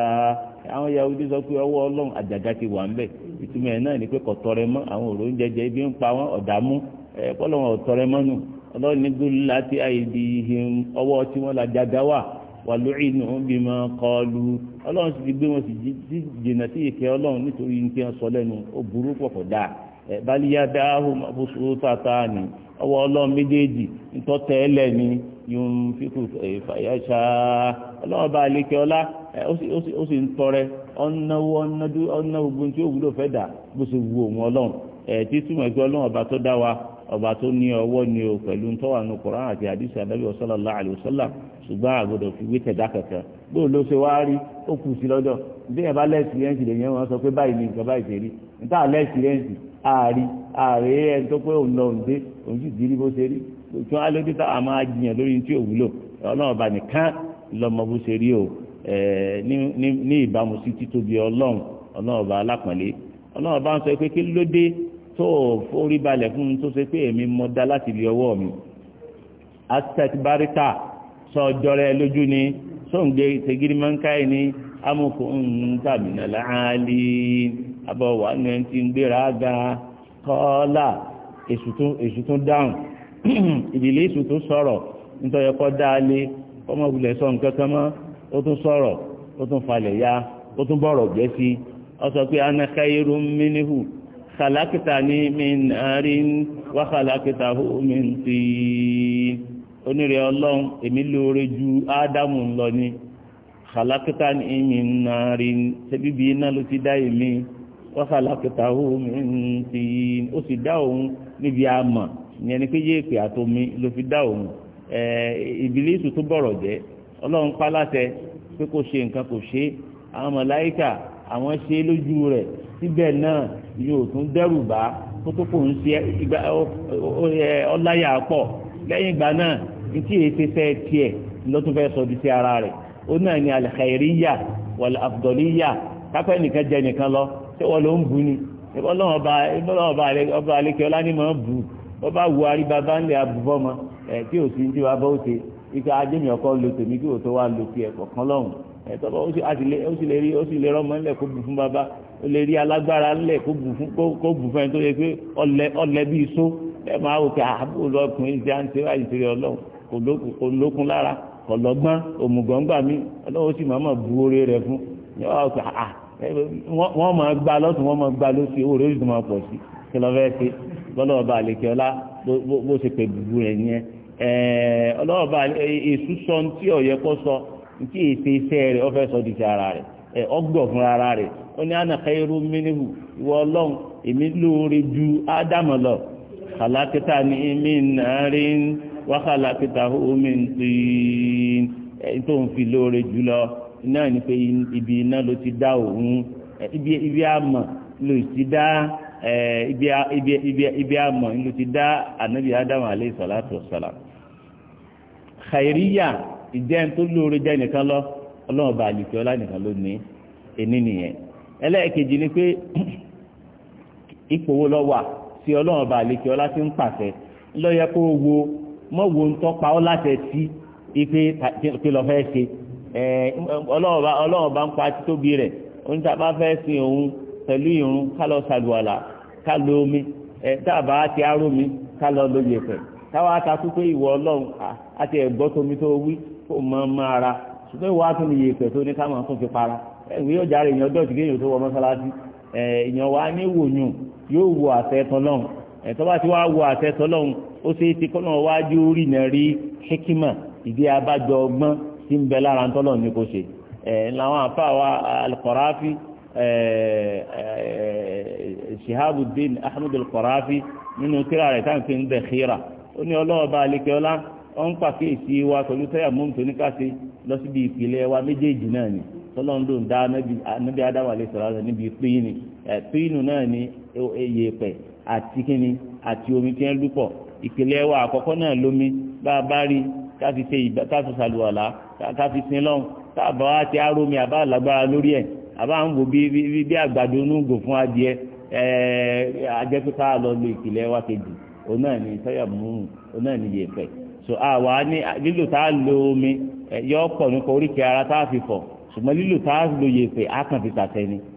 àwọn yahudi sọ pé ọwọ́ ọlọ́run àjàgà ti wà ìtumọ̀ ẹ̀ náà ni pé kọ̀tọ́rẹ́ mọ́ àwọn òrò ibi ń pa wọn ọ̀dààmú ẹ̀ la wà wàlúùínú bímọ kọlu ọlọ́run sì ti gbé wọn sì jìnnà sí ìkẹ́ nítorí ní kí sọ ó burú báyìí ahùn ni ọlọ́run méjèèjì ntọ́tẹ́ ẹlẹ́ ni yóò fi kú ìfàyàṣá ọlọ́run bá ọlá ó sì ń tọrẹ ó dà bó ṣe ṣùgbọ́n àgbọ̀dọ̀ fi wí tẹ̀dá kankan bóun ló ṣe wáá rí ó kù sí lọ́dọ̀ bí ẹ bá lẹ́sìrẹ́ǹsì lè yẹn wọn sọ pé báyìí ni nǹkan báyìí ṣe rí níta lẹ́sìrẹ́ǹsì ààrí ààrẹ ẹni tó pé òun lọ òun dé òun sì di rí bó ṣe rí tí wọn á lójú tá a máa jiyàn lórí tí ò wúlò ọlọ́run bá nìkan lọ́mọ bó ṣe rí o ní ìbámu sí títóbi ọlọ́run ọlọ́run bá alápọ̀nlé ọlọ́run bá ń sọ barita sọjọ́rẹ́ lójú ni sóǹgé segirimankai ni amúkú ntàmínà láàálí abọ́wà ní ẹni tí ń gbéra ga kọ́ọ́là èṣù tún dáhùn ìdílé èṣù tún sọ̀rọ̀ nítorí ẹ̀kọ́ dáálé ọmọbìnrin sọ nǹkan kan mọ́ ó tún sọ̀rọ̀ ó tún falẹ̀ ya ó tún bọ̀rọ̀ gbẹ́ sí ọ sọ pé ana khairun minhu khalaqtani min narin wa khalaqtahu min tin onírè ọlọ́run èmi lóore ju ádámù ńlọ ni kàlákítà ní ìmì ńnà rí sẹ́bíbi iná ló ti dá èmi wọ́n kàlákítà òun ti ó sì dá òun níbi àmọ̀ ìyẹn ni pé yéèpè àtomi ló fi dá òun ìbílísù tó bọ̀rọ̀ jẹ́ ọlọ́run pa láṣẹ pé kò ṣe nǹkan kò ṣe àwọn mọ̀láyíkà àwọn ṣe lójú rẹ̀ síbẹ̀ náà yóò tún dẹ́rù bá kótópò ń ṣe ọláyà pọ̀ lẹ́yìn ìgbà náà ntí èsì sẹ́ tiẹ̀ ló tún fẹ́ sọ di sí ara rẹ̀ ó náà ní alìkàìríyà wàlẹ̀ àfùdọ̀líyà kápẹ́ nìkan jẹ nìkan lọ ṣé wọ́n ló ń bu ni ìbọ́lọ́wọ́ ọba àlekẹ́ ọlá ní mọ̀ ń bu ọba wù arí bàbá ńlẹ̀ abúfọ́mọ ẹ̀ kí òsì ń tí wàá bọ́ òsè ike ajẹ́mi ọkọ lo tèmi kí òtó wa lo tiẹ̀ kọ̀ọ̀kan lọ́hùn ẹ̀tọ́ bá ó sì lè rí ó sì lè rọ́mọ ńlẹ̀ kó bu fún bàbá ó lè rí alágbára ńlẹ̀ kó bu fún kó bu fún ẹni tó yẹ pé ọlẹ bíi só ẹ máa wò kí àbúrò ah, ọkùnrin ti à ń tẹ́wà ìtìrẹ ọlọ́run kò lókun lára kò lọ́gbọ́n òmùgọ́ngbà mi ọlọ́wọ́ sì máa máa bu oore fún ah, wọ́n máa gba lọ́sùn wọ́n máa gba lóṣù owó rẹ̀ máa pọ̀ sí kí lọ́ fẹ́ ṣe lọ́lọ́ ọba àlekè ọlá bó ṣe pè bùbù rẹ̀ yẹn ọlọ́wọ́ ọba èṣù sọ tí ọ̀yẹ́ kọ́ sọ tí èṣe ọ fẹ́ sọ di ti ara rẹ̀ ọgbọ̀ fún ara rẹ̀ wákàlà pétahu min tin tó ń fi lóore jùlọ náà ni pé ibi iná ló ti dá òun ibi àmọ̀ ló ti dá ibi àmọ̀ ló ti dá ànábì ádámù alayhi salatu wassalam khayriya ìjẹ́ tó lóore jẹ́ nìkan lọ ọlọ́run bá àlùfẹ́ ọlá nìkan ló ní ẹni nìyẹn ẹlẹ́ẹ̀kejì ni pé ipò wo lọ wà sí ọlọ́run bá àlùfẹ́ ọlá ti ń pàṣẹ lọ́yẹ kó wo mọ́ wo ń tọ́pa ọ́ láti ẹtí ipe kí lọ fẹ́ ṣe ọlọ́run bá ń pa títóbi rẹ̀ oní tá a bá fẹ́ sin òun pẹ̀lú ìrun ká ṣàlùwàlà ká omi tá a bá ti aró mi ká lọ lóye fẹ̀ táwa ta kú pé ìwọ ọlọ́run àti ẹ̀gbọ́ tómi tó wí kó mọ ọmọ ara ṣùgbọ́n ìwọ á tún lè tó ní ká tún fi para ìwé ọjà rẹ̀ èèyàn dọ̀tí kéèyàn tó wọ mọ́sálásí èèyàn wa ní wòyùn yóò wo àṣẹ tán ẹ̀tọ́ bá ti wá wo àtẹ́tọ́ lọ́hùn ó ṣe é ti kọ́nà wájú rí nà rí hekima ìdí abájọ ọgbọ́n tí ń bẹ lára ńtọ́lọ̀ ní kò ṣe ẹ̀ làwọn àfa wa al-Qarafi Shihabuddin Ahmad al-Qarafi nínú tírà rẹ̀ táǹkì ń bẹ̀ xíra ó ní ọlọ́ọ̀bá alẹ́kẹ́ọ́lá ó ń pàkíyèsí wa pẹ̀lú tẹ́yà mọ́mùtò níkàṣe lọ síbi ìpìlẹ̀ wa méjèèjì náà ni tọ́lọ́ ń lò ń dá nábì adáwà sọ̀rọ̀ níbi píínì náà ni e, e, èyí pẹ̀ àti kíni àti omi tí wọ́n lúpọ̀ ìpìlẹ̀ wa àkọ́kọ́ náà lómi bá a bá rí káfi ṣe ìgbà káfi ṣàlùwàlá káfi sin lọ́hùn táàbà wa ti arómi àbá lágbára lórí ẹ̀ àbá ń wò bí bí àgbàdo onúgò fún adìẹ ẹ̀ẹ́ ajẹ́pípa lọ lo ìpìlẹ̀ wa kejì òun náà ni sọ́yà múrùn òun náà ni yẹ̀fẹ̀ so àwa ní lílò tá a lo omi yọ ọ̀pọ̀ nípa oríkèé ara tá a fi fọ̀ ṣùgbọ́n lílò tá a lo yẹ̀fẹ̀ á kàn fi tàtẹ́ ni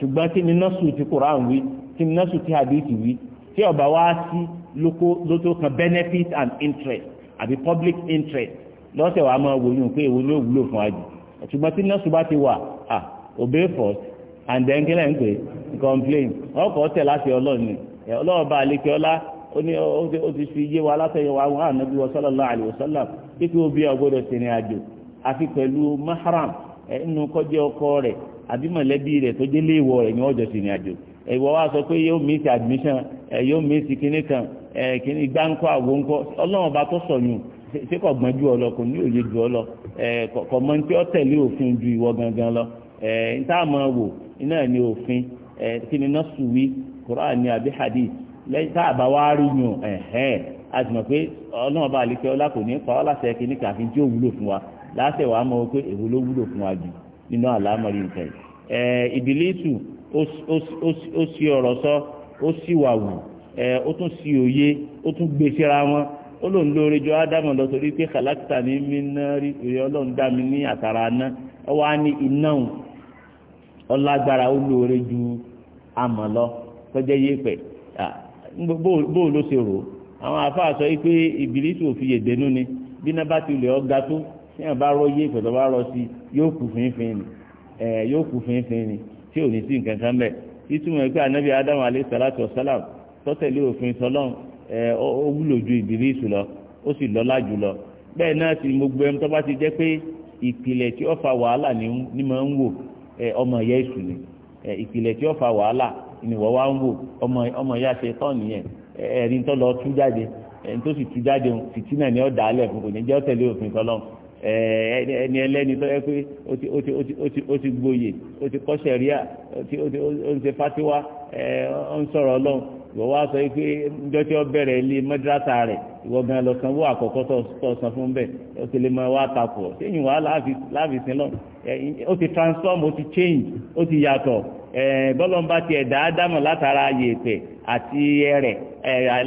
ṣùgbọ́n kí ni nọ́ọ̀sù ti Quran wí kí ni nọ́ọ̀sù ti hadith wí tí ọba wá sí ló tó kan benefit and interest àbí public interest lọ́sẹ̀ wàá máa wò yún pé èwo ni ó wúlò fún àjù ṣùgbọ́n tí nọ́ọ̀sù bá ti wà ah obey first and then kí lẹ́yìn pé complain ọkọ̀ tẹ̀ láti ọlọ́ọ̀ni ọlọ́ọ̀ba àlekè ọlá ó ní ó ti fi yé wa látẹ̀yẹ wa wọn ànábi wa sallallahu alaihi wasallam kíkí obi ọgbọ́dọ̀ tẹ̀rìn àjò àfi pẹ̀lú mahram ẹ̀ nínú kọjá ọkọ rẹ̀ àbí mọ̀lẹ́bí rẹ̀ tó jẹ́ léèwọ̀ rẹ̀ ni wọ́n jọ sì rìn àjò wa sọ pé yóò miss admission yóò miss kinní kan kinní gbáǹkọ́ àwo ọlọ́run ọba tó sọ̀yún ṣé kò gbọ́n ju ọ lọ kò ní òye ju ọ lọ kò mọ tí ó tẹ̀lé òfin ju ìwọ gangan lọ ni ni àbí lẹ́yìn tá a bá ọba ọlá kò ní pa ọ́ láṣẹ wa láṣẹ wàá mọ̀ pé ló wa jù nínú àlámọ̀rí nǹkan yìí ẹ ìbílẹ̀tù ó sì ọ̀rọ̀ sọ ó sì wà wù ẹ ó tún sì òye ó tún gbé síra wọn ó lòun lóore jọ ádámù lọ torí pé kàlákìtà ní mínárì ìrẹ ọlọ́run dá mi ní àtàrà aná ọ wá ní iná ọlágbára ó lóore ju amọ̀ lọ tọ́jú yépẹ̀ bó ló ṣe rò àwọn àfáà yìí pé ìbílẹ̀tù òfin yèdénú ni bí náà bá ti lè ọ ga tó tí wọn bá rọ yé ìpẹtọ bá rọ sí yóò kú fínfín ni ẹ yóò kú fínfín ni tí ò ní sí nǹkan kan bẹ ìtumọ̀ ẹ̀ anabi adamu alayhi salatu tọ́tẹ̀lé òfin sọlọ́n ẹ ó wúlò ju ìbílísù lọ ó sì lọ́lá jù bẹ́ẹ̀ náà sì gbogbo ẹni tó bá ti jẹ́ pé ìpìlẹ̀ tí ó wàhálà ni máa ń wò ọmọ ìyá èṣù ni ìpìlẹ̀ tí ó wàhálà ni wọ́n wá ń wò ọmọ ìyá ṣe tán nìyẹn ẹ̀rín tó lọ tú jáde ẹ̀rín tó sì tú jáde fìtínà ni ó dà á lẹ̀ fún kò ní jẹ́ ó òfin sọlọ́n ẹni ẹlẹ́ni tó yẹ pé ó ti gboyè ó ti kọ́ sẹ̀ríà ó ti ṣe fátíwá ó ń sọ̀rọ̀ ọlọ́run ìwọ wá sọ pé njọ́ tí ó bẹ̀rẹ̀ ilé mẹ́dírásà rẹ̀ ìwọ gan lọ sanwó àkọ́kọ́ tó san fún bẹ́ẹ̀ ó ti lè mọ wá takò ṣéyìn wá láàfin sí ó ti transform ó ti change ó ti yàtọ̀ bọ́lọ́mbà tiẹ̀ dáadámọ̀ látara yèèpẹ̀ àti ẹrẹ̀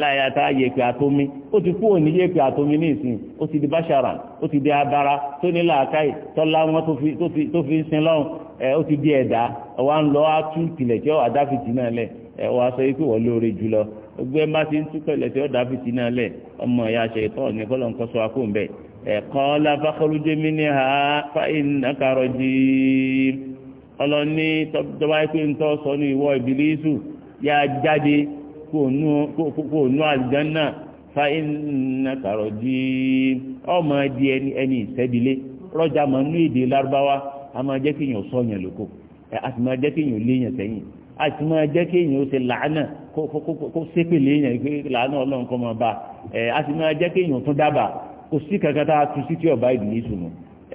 látara yèèpẹ̀ àtomi ó ti kúrò ní yèèpẹ̀ àtomi ní ìsìn ó ti di báṣara ó ti di abara tó ní làákàyè tọ́lá wọn tó fi ń sin lọ́hùn ó ti di ẹ̀dá ọ̀wá ń lọ á tú ìpìlẹ̀ àdáfìtì náà lẹ̀ ẹ sọ yìí pé wọ́n lóore jùlọ gbogbo ẹ bá ti ń tú pẹ̀lẹ́ tí ó náà lẹ̀ ọmọ ìyá aṣọ ìtọ́ ní kọ́lọ̀ ń kọ́ sọ ha fáyín nàkàrọ̀ jì ọlọ́ni tọ́ba pé ń tọ́ sọ ní ìwọ yá jáde kó fáyín nàkàrọ̀ jì ọmọ di ẹni ẹni rọ́jà èdè lárúbáwá a máa jẹ́ kéèyàn yẹn lóko àti máa jẹ́ kí èèyàn ó ṣe làánà kó sépèlé èèyàn pé làánà ọlọ́run kọ́ máa bá ẹ̀ á sì máa jẹ́ kí èèyàn tún dábàá kò sí kankan tá a tu sí tí ọba ìdílé sùn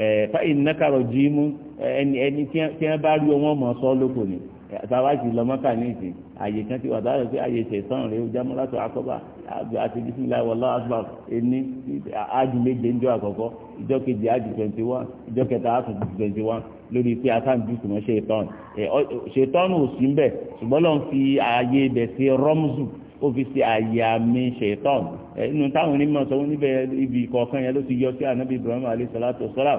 ẹ̀ fáyìn nákàrọ̀ jí mú ẹni tí wọ́n bá rí ọmọ ọmọ sọ lóko ni sáwájì lọ́mọ́kà ní ìsìn àyè kan ti wà dáhùn pé àyè ṣẹ̀tàn rẹ̀ ó jámúlátò akọ́bà àti bísílá wọlá asbà ẹni ájú méje ńjọ àkọ́kọ́ ìjọ kejì ájú twenty one ìjọ kẹta ájú twenty one lórí pé akáǹtì tùmọ̀ ṣẹ̀tàn ṣẹ̀tàn ò sí mbẹ̀ ṣùgbọ́n lọ́n fi àyè ibẹ̀ sí rọ́mùsù o fi ṣe àyè àmì ṣẹ̀tàn inú táwọn onímọ̀ sọ wọn níbẹ̀ ibi kọ̀ọ̀kan yẹn ló ti yọ sí ànábì Ibrahim alayhi salatu wa salam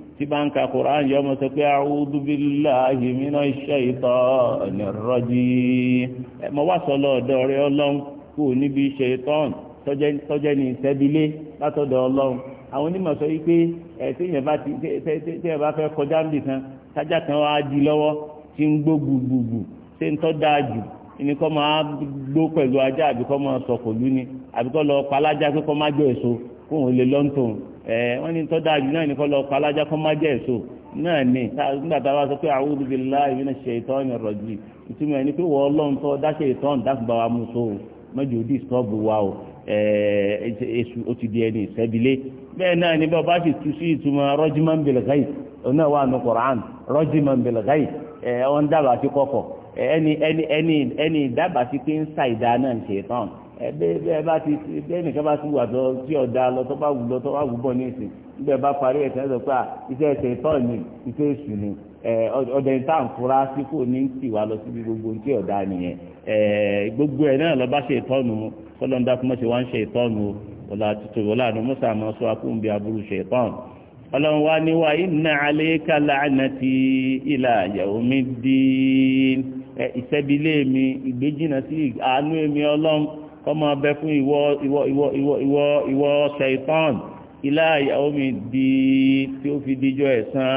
tí bá ń ka Qur'an yọ ọmọ sọ pé a'udhu billahi minash shaitanir rajim ẹ mọ wá sọ lọ́ọ̀dọ̀ rẹ ọlọ́run kò níbi ṣaitan tọ́jẹ́ ní ìṣẹ́bílé látọ̀dọ̀ ọlọ́run àwọn onímọ̀ sọ wípé ẹ̀ tí yẹn bá fẹ́ kọjá níbi kan tájà kan wá di lọ́wọ́ tí ń gbó gbùgbùgbù ṣé ń tọ́ dáa jù ní kọ́ máa gbó pẹ̀lú ajá àbíkọ́ máa sọ pẹ̀lú ni àbíkọ́ lọ pa alájá pé kọ́ máa jọ èso fóun lè lọ́ntòun wọ́n ní tọ́da àjù náà ní kọ́ lọ pa alájà kọ́ má jẹ́ èso náà ní nígbà tá a bá sọ pé a'udhu billahi minash shaitani rrajim ìtumọ̀ ẹni pé wọ́n ọlọ́run tó dáṣe ìtọ́n dáṣùbà wa mú so mọ́jú ó dìstọ́bù wa o èṣù ó ti di ẹni ìṣẹ́bílé bẹ́ẹ̀ náà ni bọ́ọ̀ bá sì tu sí ìtumọ̀ rajman bil ghaib náà wà ní Qur'an rajman bil ghaib ẹ̀ ọ́n dábàá sí kọ́kọ́ ẹni ẹni ẹni ìdábàá sí pé ń ṣàìdá náà ṣètọ́n ẹgbẹ́ ebe bá ti nìkan ti wà lọ tí ọ̀dà lọ bá wù lọ bá wù bọ̀ ní ìsìn níbẹ̀ bá parí ẹ̀sẹ̀ iṣẹ́ ẹ̀sẹ̀ tọ́ ni iṣẹ́ èṣù ni ọ̀dẹ̀ tá à fura sí kò ní tì wá lọ síbi gbogbo tí ọ̀dà nìyẹn gbogbo ẹ̀ náà lọ́ba ṣe ìtọ́nu kọ́lọ́ńdà kúmọ̀ ṣe wá ń ṣe ìtọ́nu ọ̀là wa kọ́mọ abẹ fún ìwọ ìwọ ìwọ ìwọ ìwọ ìwọ ṣẹ̀tọ́n ilá ìyàwó mi di tí ó fi díjọ ẹ̀san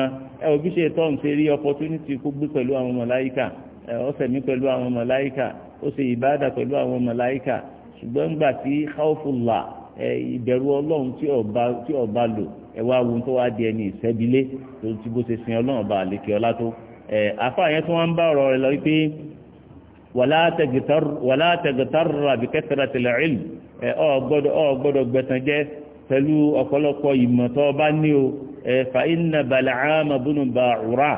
ẹ òbí ṣẹ̀tọ́n ṣe rí opportunity kó gbé pẹ̀lú àwọn mọ̀láyíkà ẹ ó ṣẹ̀mí pẹ̀lú àwọn mọ̀láyíkà ó ṣe ìbáàdà pẹ̀lú àwọn mọ̀láyíkà ṣùgbọ́n gbà tí káwọ́fùlà ẹ ìbẹ̀rù ọlọ́run tí ọba lò ẹ wá wo tó wá di ẹni ìṣẹ́bilé tó ti bó ṣe sin ọlọ́run ọba àlekè ọlá tó ẹ àfáà yẹn tí wọ́n ń bá ọ̀rọ̀ rẹ̀ lọ wípé wàlá tẹ̀gẹ̀tàrà bí kẹsìrà tẹ̀lẹ̀ ìlú ọ gbọ́dọ̀ gbẹ̀tàn jẹ́ pẹ̀lú ọ̀pọ̀lọpọ̀ ìmọ̀ tó bá ní o fa inna Bal'am bunu Ba'ura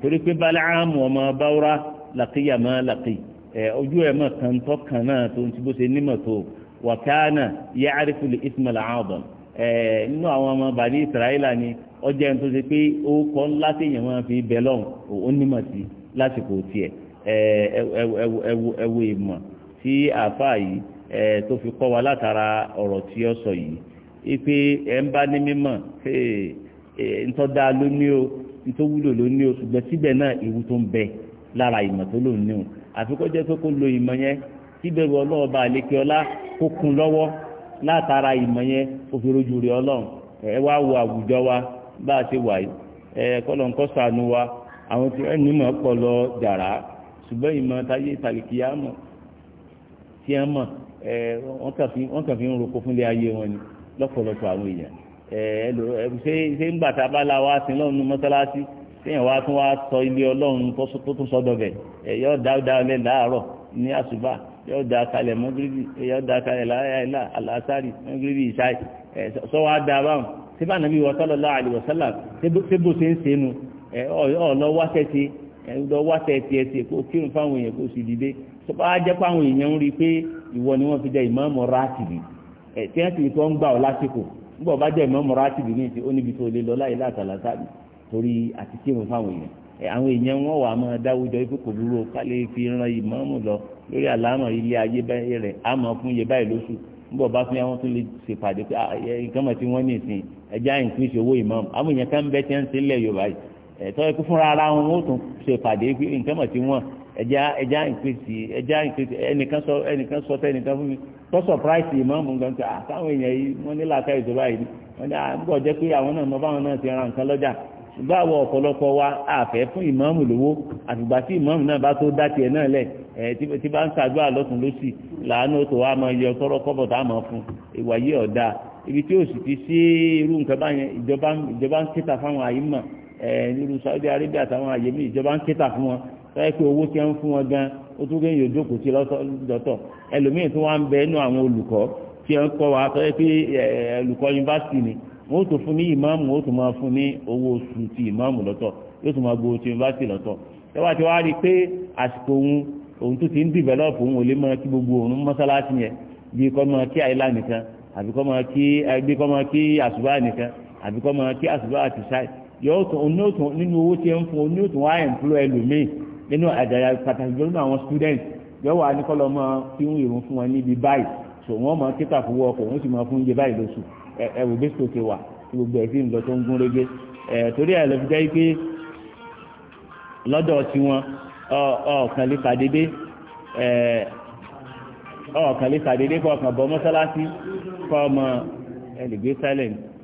torí pé Bal'am ọmọ Ba'ura làkìyà máa làkì ojú ẹ̀ mọ̀ kàn tó kàn náà tó ń ti bó ṣe nímọ̀ tó wa kana ya'rifu al-isma al-'azam nínú àwọn ọmọ bàdí Israẹla ni ọjọ́ ẹni tó ṣe pé ó kọ́ ńlá téèyàn máa fi bẹ̀ lọ́hùn ó nímọ̀ sí lásìkò tiẹ̀ ẹwọ ìmọ̀ tí àáfàá yìí tó fi kọ́ wa látara ọ̀rọ̀ tí ó sọ yìí ipe ẹ ń bá ní mímọ̀ ntọ́ o na wúlò lóní o ṣùgbọ́n síbẹ̀ náà ìwú tó ń bẹ lára ìmọ̀ tó o àfikọ́ jẹ́ pé kó lo ìmọ̀ yẹn síbẹ̀rù ọlọ́run bá àlékè ọlá kó kun lọ́wọ́ wa bá a ṣe wà yìí ẹ sànù wa àwọn tí ṣùgbọ́n ìmọ̀ táyé ìtàlìkìyà mọ̀ tí wọ́n mọ̀ wọ́n kàn fi ń roko fúnlé ayé wọn ni lọ́pọ̀lọpọ̀ àwọn èèyàn ṣé ń gbàtà bá la wá sí lọ́run ní mọ́sálásí téèyàn wá tún wá sọ ilé ọlọ́run tó tún sọ́dọ̀ bẹ̀ yóò dá dá lẹ́ láàárọ̀ ní àṣùbà yóò dá kalẹ̀ mọ́gírìbì yóò dá kalẹ̀ láyàlá àlásárì mọ́gírìbì ìṣáì sọ wá dá báwọn síbànàbí wọ́sálọ́lá àlè wọ́sálà ṣé bó ṣe ń ṣe nu ọ̀ lọ wá tẹ́sí ẹ̀rọ wá tẹ̀tì ẹ̀tì kó kírun fáwọn èèyàn kó sì dìde sọpá jẹ́ fáwọn èèyàn ń rí i pé ìwọ ni wọ́n fi jẹ́ ìmáàmù rátìbì ẹ̀ tí wọ́n ti tó ń gbà ọ́ lásìkò nígbà bá jẹ́ ìmáàmù rátìbì ní ti ó níbi tó lè lọ láyé látàlátà torí àti kírun fáwọn èèyàn ẹ̀ àwọn èèyàn wọn wà á máa dáwùjọ pé kò dúró ká lè fi ran ìmáàmù lọ lórí àlámọ̀ ilé ayé báyìí rẹ̀ àmọ́ fún iye báyìí lóṣù nígbà bá fún yàwọn tó lè ṣèpàdé pé nǹkan mọ̀ tí wọ́n ní ìsìn ẹ̀já ìpín ìṣòwò ìmáàmù àwọn èèyàn kan bẹ́ẹ̀ ti ń sílẹ̀ Yorùbá yìí ẹ̀tọ́ ikú fúnra ara wọn ó tún ṣe pàdé nǹkan mọ̀ tí wọ́n ẹja ẹja ìpèsè ẹja ìpèsè ẹnìkan sọ ẹnìkan sọ tẹ ẹnìkan fún mi tó surprise ìmọ̀ọ́mù gan ah, ta àtàwọn èèyàn yìí wọ́n ní làákà ìjọba yìí wọ́n ní àgbọ̀ ah, jẹ́ pé àwọn náà mọ báwọn náà ti ra nǹkan lọ́jà ṣùgbọ́n àwọn ọ̀pọ̀lọpọ̀ wa àfẹ́ fún ìmọ̀ọ́mù lówó àtìgbà tí ìmọ̀ọ́mù náà bá tó dá tiẹ̀ náà lẹ̀ tí bá ń ṣàdúrà lọ́tún lọ́sì làánú nílùú Saudi Arabia àtàwọn àyè mi ìjọba ń kíta fún wọn sọ́yẹ́ pé owó tí wọ́n fún wọn gan ó tún kéyìn òjókòó ti lọ́tọ̀ ẹlòmíì tó wá ń bẹ inú àwọn olùkọ́ tí wọ́n kọ́ wa sọ́yẹ́ pé olùkọ́ yunifásitì ni wọ́n tó fún ní ìmáàmù wọ́n tó máa fún ní owó oṣù ti ìmáàmù lọ́tọ̀ yóò tó máa gbowó ti yunifásitì lọ́tọ̀ tẹ́wà tí wàá rí i pé àsìkò òun òun tó ti ń dìvẹ́lọ́pù òun ò lè máa kí gbogbo òun mọ́sálásí yẹn bí kọ́ máa kí àyílá nìkan àbí kọ́ máa kí àsùbá nìkan àbí kọ́ máa kí àsùbá àti ṣáì yóò tún oní òtún nínú owó tí ń fún o òtún wá ẹ̀ǹpúlọ̀ ẹlòmíì nínú àjàyà pàtàkì jọlọ́ nínú àwọn student yóò wà ní kọ́lọ́ mọ́ kí wọ́n ìrún fún wọn níbi báyìí so wọ́n mọ̀ kíkà fún wọn ọkọ̀ wọ́n sì mọ̀ fún oúnjẹ báyìí lóṣù ẹ̀wù bí sòkè wà tí gbogbo ẹ̀ sì ń lọ tó ń gún régé torí ẹ̀ lọ fi jẹ́ pé lọ́dọ̀ tiwọn ọ̀ọ̀kan lè fàdédé ọ̀ọ̀kan lè fàdédé kọ̀ọ̀kan bọ́ mọ́sálásí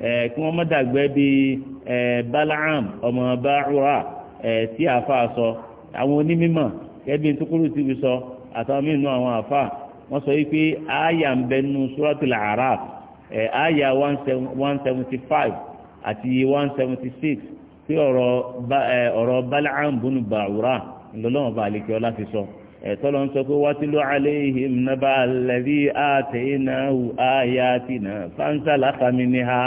kí wọ́n má bí Balaam ọmọ Ba'ura tí àfa sọ àwọn onímọ̀ ẹbí tukuru ti fi sọ àtàwọn mìíràn àwọn àfa wọ́n sọ yìí pé àyà ń bẹ nínú Suratul A'raf àyà one seventy five àti one seventy six ọ̀rọ̀ Balaam bunu sọ. So. ẹ̀tọ́ ló ń sọ pé watilu alayhim naba alladhi atainahu ayatina fansalakha minha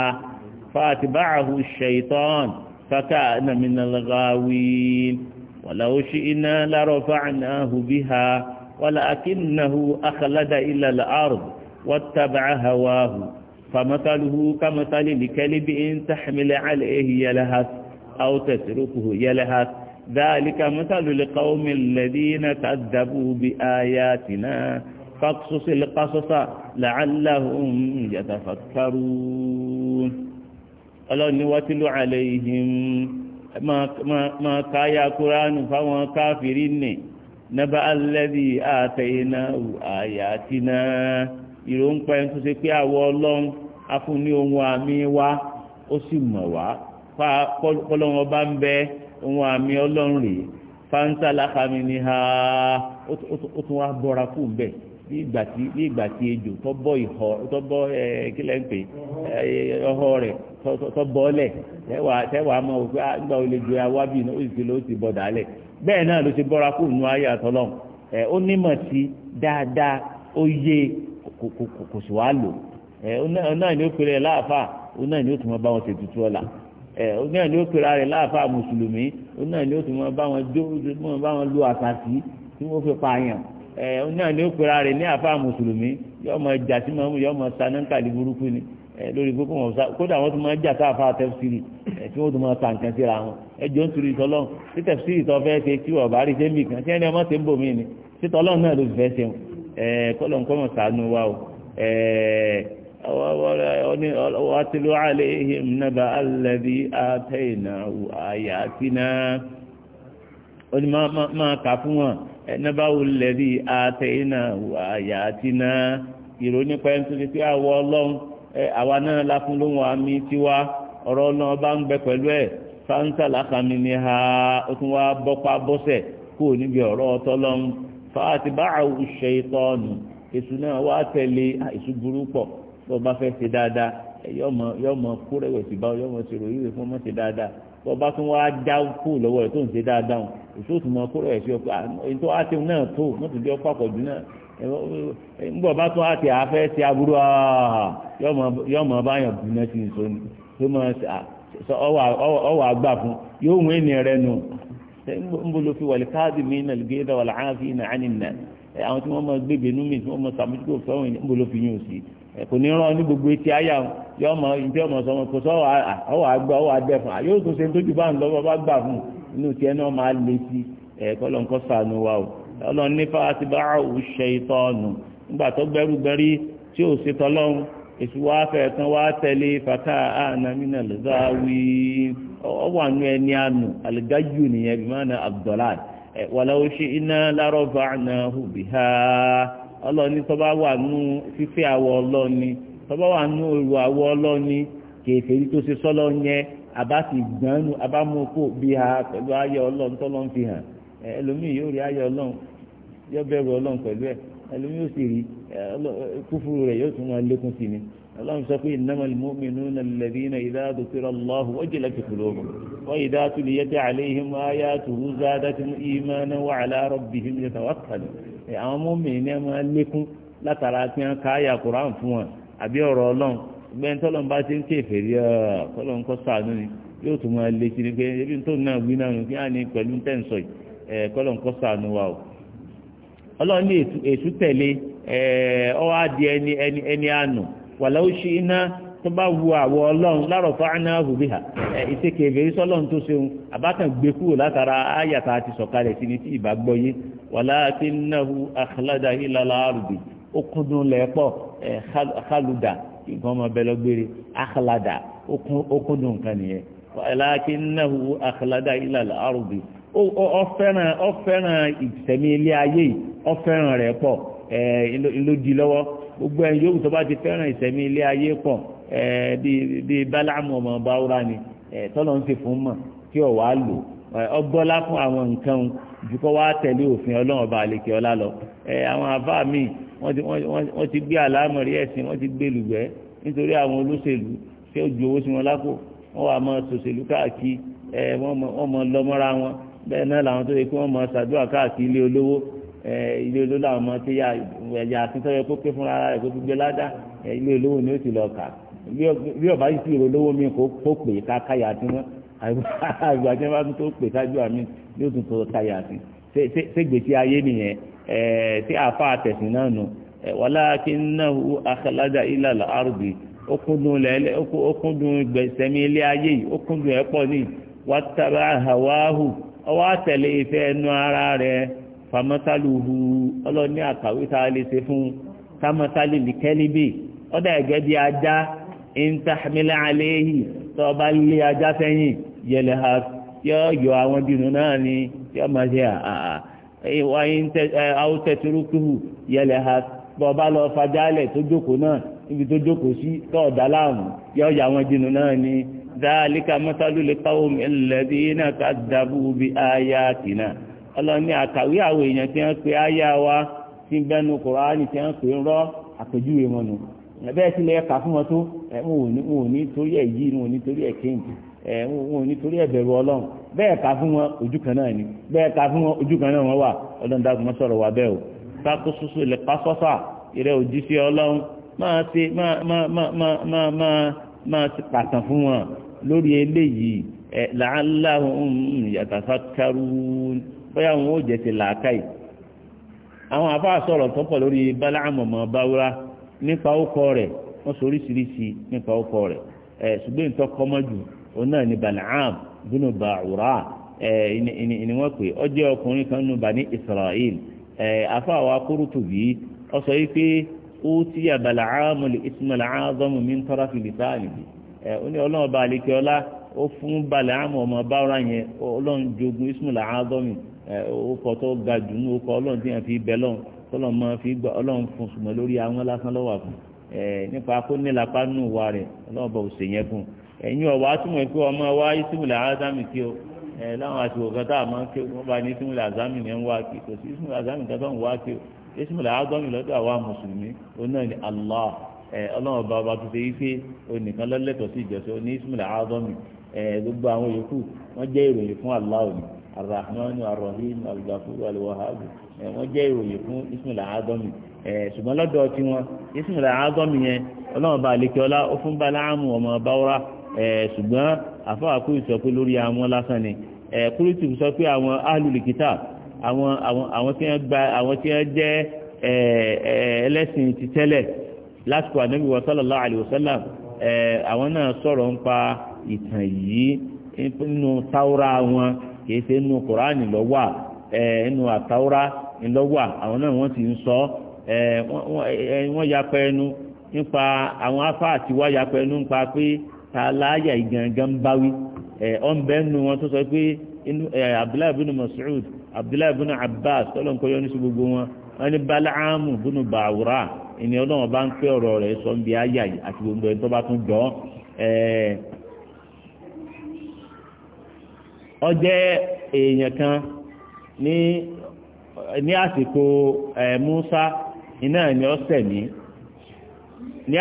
fatba'ahu shaytan fakana minal ghawin walaw shi'na larafa'nahu biha walakinnahu akhlada ilal ard wattaba'a hawahu فمثله كمثل الكلب إن تحمل عليه يلهث أو تتركه يلهث ذلك مثل لقوم الذين كذبوا بآياتنا فاقصص القصص لعلهم يتفكرون ọlọ́ni wọ́tílù àlẹ́yìn ma káyà kúránù fáwọn káfìrí nì nàbà alẹ́bí àtẹ̀yìnà àyàtìnà ìròǹpẹ́ tó ṣe pé àwọ ọlọ́run afúnni ohun àmì wa ó sì mọ̀ wá kọ́lọ́wọ́n bá ń bẹ́ẹ̀ ohun àmì ọlọ́run rèé fáńtà lákàmì ni ha ó tún wá bọ́ra kú bẹ́ẹ̀ ní ìgbà tí ní ìgbà tí ejò tó bọ́ ìhọ ẹ kílẹ̀ ń pè é rẹ̀ tó bọ́ tẹ́wàá mọ̀ ah, awábì náà ó sì ti lọ ó ti bọ̀ bẹ́ẹ̀ náà ló ti bọ́ra kú nù ayé àtọ́lọ́hún ẹ ó nímọ̀ sí dáadáa ó yé kò lò ẹ ó náà ní ó pèrè láàfà ó náà ní ó tún bá wọn ọ̀la ẹ oní ẹ̀ ló pera rẹ̀ láàfáà mùsùlùmí oní ẹ̀ ló tún mọ bá wọn jó mọ bá wọn lu àtàkì tí wọ́n fi pààyàn ẹ oní ẹ̀ ló pera rẹ̀ ní àfáà mùsùlùmí yóò mọ ìjà sí mọ́mú yóò mọ sanáńkàlì burúkú ni ẹ lórí gbogbo wọn sá kódà wọn tún mọ ìjà sí àfáà tẹ́fsìrì ẹ tí wọ́n tún mọ ta nǹkan síra wọn ẹ jọ ń turi tọ́lọ́ sí tẹ́fsìrì tó fẹ́ ṣe tí wọ́n bá rí sẹ́mi kan tí ẹni ọmọ ti ń bò mí ni sí tọ́lọ́ náà ló fẹ́ ṣe ẹ kọ́lọ́ nǹkan mọ̀ sànú wa o ẹ واتل عليهم نبأ الذي آتيناه آياتنا ما كفوا نبأ الذي آتيناه آياتنا ìròyìn nípa ẹni tó ti àwọ ọlọ́run àwa náà la fún lóhùn àmì tiwa ọ̀rọ̀ náà bá ń bẹ pẹ̀lú ẹ̀ fáńtà lákàmì ni ha ó tún wá bọ́pá bọ́sẹ̀ níbi ọ̀rọ̀ lọ́run bá àwùṣe èṣù náà wá tẹ̀lé bó o bá fẹ́ ṣe dáadáa yọ mọ kó rẹ̀wẹ̀sì bá yọ mọ ṣèrò yíwèé fún ọmọ ṣe dáadáa bó o bá tún wá já kú lọ́wọ́ rẹ̀ tó ń ṣe dáadáa òṣù tó mọ kó rẹ̀wẹ̀sì ọkọ ètò àti náà tó mọ́tò bí ọkọ̀ àpọ̀jù náà ńgbọ̀ bá tún àti àfẹ́ ṣe aburú yọ mọ báyọ̀ bù náà ti sọ ni tó mọ ọwọ́ àgbà fún yóò wọ́n ènìyàn rẹ̀ nù ńbolo fi wàlí káàdì mi nà gẹ́gẹ́ wàlí àáfíì nà ánì nà àwọn tí wọ́n mọ gbébé nù mí tí wọ́n mọ sàmójúkò fẹ́wọ̀n ńbolo fi yín ò sí kò ní rán ní gbogbo etí ayá yọ ọmọ ìjọ ọmọ sọmọ kò sọ ọwọ àgbà ọwọ àdẹ fún wa yóò tó ṣe tójú bá ń lọ bá gbà fún inú tiẹ̀ náà máa lé sí ẹ kọlọ nǹkan sànù wa o Ọlọ́run ní fáwọn bá òun ṣe ìtọ ọnù nígbà tó gbẹrú gbẹrí tí fata àánú ẹni àánú na abdullahi wàlá ó ṣe iná ọlọ́ni tó bá wà nú fífẹ́ àwọ̀ ọlọ́ni tó bá wà nú èrò àwọ̀ ọlọ́ni kèfèrí tó ṣe sọ́lọ́ yẹn àbá ti gbọ́nù àbá mú kó bí ha pẹ̀lú ayọ̀ ọlọ́run tọ́lọ́ ń fi hàn ẹlòmíì yóò rí ayọ̀ ọlọ́run yóò bẹ̀rù ọlọ́run pẹ̀lú ẹ̀ ẹlòmíì yóò sì rí kúfúrú rẹ̀ yóò tún wọn lékún sí ni ọlọ́run sọ pé innamal mu'minuna alladhina idha dhukira Allahu wajilat qulubuhum wa idha tuliyat alayhim ayatuhu zadatuhum imanan wa ala rabbihim yatawakkalun àwọn mọ́mìnrin ní ẹ̀mọ́ lékún látara tí wọ́n ká àyà Kùránì fún wọn àbí ọ̀rọ̀ ọlọ́run gbẹ́ni tọ́lọ́n bá ti ń kèfèrí ọlọ́run kọ́ sàánú ni yóò tún máa lé kiri pé ebi tó náà wí náà nù kí á ní pẹ̀lú ẹ̀ wa o ọlọ́run ní tẹ̀lé ẹni tó bá wu àwọ̀ ọlọ́run lárọ̀ fún anáhù bí ha ìtẹ́kẹ̀ ìbẹ̀rí sọ́lọ́run tó ṣeun àbákan gbé kúrò látara ayàtà àti sọ̀kalẹ̀ sí ni tí ìbá gbọ́yé wàlá tí náhu akhlada ilala arùbí ó kúndùn lẹ́pọ̀ khaluda ìgbọ́n ọmọ bẹ́ẹ̀ lọ́gbére akhlada ó kúndùn nǹkan nìyẹn wàlá tí náhu akhlada ilala arùbí ó fẹ́ràn ilé ayé yìí ó fẹ́ràn rẹ̀ pọ̀ ìlódì lọ́wọ́ gbogbo ẹ̀yìn bíi bálámù ọmọ báwúrà ni tọ́lọ̀ ń ṣe fún mọ̀ tí ọ̀ wá lò ọgbọ́lá fún àwọn nǹkan jùkọ́ wá tẹ̀lé òfin ọlọ́run ọba àlekè ọlá lọ àwọn àbá mi wọ́n ti gbé àlámọ̀rí ẹ̀sìn wọ́n ti gbé lùgbẹ́ nítorí àwọn olóṣèlú tí ó ju owó sí wọn lápò wọ́n wà mọ́ sòṣèlú káàkiri wọ́n mọ lọ́mọ́ra wọn bẹ́ẹ̀ náà làwọn tó yẹ kí wọ́n mọ ṣàdúrà káàkiri ilé olówó ilé olówó làwọn ọmọ tí ya ẹ̀yà àtúntọ́ yẹ kó pé fúnra rẹ̀ kó fi gbé ládá ilé olówó ni ó ti lọ kà á bí ọba yìí sì rolówó mi kó pè ká káyà sí mọ́ àgbà tí wọ́n bá tún tó pè sájú àmì yóò tún tó káyà sí ségbèsí ayé nìyẹn tí àfa àtẹ̀sìn náà nù lẹ́lẹ́ gbẹ̀sẹ̀mí ilé ayé yìí okundun ẹ̀ pọ̀ ní wàtàbà hawahu ọwọ́ àtẹ̀lé ìfẹ́ ẹnu ara rẹ̀ famataluhu ọlọ́ni àkàwé tá a lè ṣe fún nìkẹ́líbì ọ̀dà ẹ̀gẹ́ bí ajá in tahmil alayhi tó bá lé ajá sẹ́yìn yẹlẹ̀ ha yọ yọ àwọn dìnnú náà ni yọ máa ṣe àà wà áwọ̀ tẹ̀tùrúkúhù yẹlẹ̀ ha bọ́ bá lọ fajálẹ̀ tó jókòó náà ibi tó jókòó sí tó ọ̀dá yọ yọ àwọn dìnnú náà ni dáálíkà mọ́tálù lè káwọ́ mi ẹlẹ́dí náà ká dàbú bí aya tìǹà ọlọ́ni àkàwé àwọn èèyàn tí wọ́n pe aya wa ti bẹ́nu Kùránì tí wọ́n pe ń rọ́ àpèjúwe wọn nù bẹ́ẹ̀ tilẹ̀ kà fún wọn tó Eh, wọn ò ní torí ẹ̀ yí wọn ò ní torí ẹ̀ kéǹtì eh, wọn ò ní torí ẹ̀ bẹ̀rù ọlọ́run bẹ́ẹ̀ ká fún wọn ojú kan náà ni bẹ́ẹ̀ ká fún wọn ojú kan náà wọn wà ọlọ́run dàgbọ́n mọ́ sọ̀rọ̀ wa bẹ́ẹ̀ o kákó soso lè pa sọ́fà ìrẹ́ òjíṣẹ́ ọlọ́run máa ṣe máa ṣe pàtàn fún wọn lórí eléyìí ẹ̀ eh, làálàhùn yatafakkarun bóyá wọn ò jẹ́ ti làákàyè àwọn àbá sọ̀rọ̀ tọ́pọ̀ lórí báláàmù mọ́ báwúrá nípa ó kọ rẹ̀ wọ́n sọ oríṣiríṣi nípa ọkọ rẹ̀ ẹ̀ ṣùgbọ́n ìtọ́ kọ́mọ́jù òun náà ni balaam bínú baura ẹ̀ ni wọ́n pè ọ jẹ́ ọkùnrin kan nù bani israel ẹ̀ afáwa Qurtubi ọ sọ yìí pé ó ti yà balaam lè ismail azamu mi ń tọ́ra filisa nìyí ẹ̀ ó ní ọlọ́run bá alẹ́ ọlá ó fún balaam ọmọ baura yẹn ọlọ́run jogun ismail azamu ẹ̀ ó kọ́ tó ga jù ní ó kọ́ ọlọ́run tí yẹn fi bẹ́ lọ́n tọ́lọ́ nípa kó e nù wa rẹ̀ ọlọ́ọ̀bọ̀ òsè yẹn fún ẹ̀yin ọ̀wá túmọ̀ pé ọmọ wa ismul azami kí o láwọn àsìkò kan tá a máa wọ́n bá ní azami ní ń wá kí azami kan ń wá kí o ismul azami lọ́dọ̀ àwa mùsùlùmí òun náà Allah ọlọ́run ọba ọba tuntun yìí pé onìkan lọ́lẹ́tọ̀ sí azami gbogbo àwọn yòókù wọ́n ni ṣùgbọ́n lọ́dọ̀ tí wọn ismula azọ́mi yẹn ọlọ́run bá àlekè ọlá ó fún balaamu ọmọ báwọ́rá ṣùgbọ́n àfọwàkú sọ pé lórí àwọn lásán ni kúrìtì sọ pé àwọn alùlùkítà àwọn àwọn tí wọn gba àwọn tí wọn jẹ ẹlẹ́sìn ti lásìkò ànábì wa sallallahu alayhi wa sallam àwọn náà sọ̀rọ̀ ń pa ìtàn yìí nínú táwọ́rá wọn kìí ṣe nínú kùránì lọ́wọ́ nínú àtàwọ́rá ńlọ́wọ́ àwọn náà wọ́n ti ń sọ ọ́ wọ́n yapa ẹnu nípa àwọn afá àti wá yapa ẹnu nípa pé ta láàyà ìgangan bá wí ọ̀nbẹ́ nu wọn tó sọ pé abdullahi bin mas'ud abdullahi bin abbas tọ́lọ́nkọ yọ ní sí gbogbo wọn wọn ní balaamu bin bawura ìní ọlọ́wọ́n bá ń pẹ́ ọ̀rọ̀ rẹ̀ sọ ń bi ayà àti gbogbo ẹ̀ tó bá tún jọ ọjẹ́ èèyàn kan ní àsìkò Musa. iná ẹ̀mí ọ̀sẹ̀ mi ní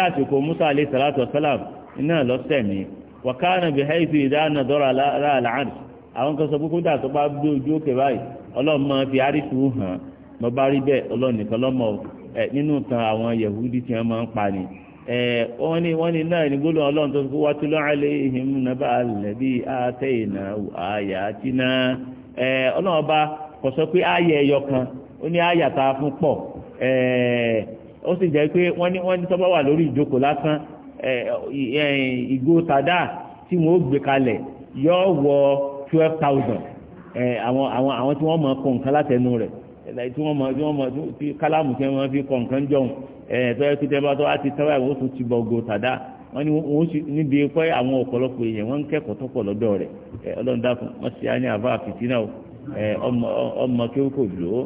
Musa alayhi salatu iná lọ́sẹ̀ mi wàkánà bí haifi ìdáná dọ́rọ̀ ala àwọn kan sọ pé bá gbé ojú òkè báyìí ọlọ́run fi àríṣù hàn mo bá rí bẹ́ẹ̀ nínú àwọn yahudi tí wọ́n máa ń pa ni wọ́n ní wọ́n ní náà ní gbólóhùn ọlọ́run tó ìhìn a ó sì jẹ́ pé wọ́n ní wọ́n ní wà lórí ìjókòó lásán tàdá tí wọ́n gbé kalẹ̀ yóò wọ àwọn tí wọ́n mọ̀ kó nǹkan látẹnu rẹ̀ tí wọ́n mọ̀ tí wọ́n mọ̀ tí kálámù tí wọ́n fi kó nǹkan jọ̀hún tọ́yẹ kí tẹ́ bá tọ́ ìwọ́n ti bọ̀ tàdá wọ́n ní wọ́n sì níbi àwọn ọ̀pọ̀lọpọ̀ èèyàn wọ́n ń kẹ́kọ̀ọ́ tọ́pọ̀ lọ́dọ̀ rẹ̀ dákun wọ́n á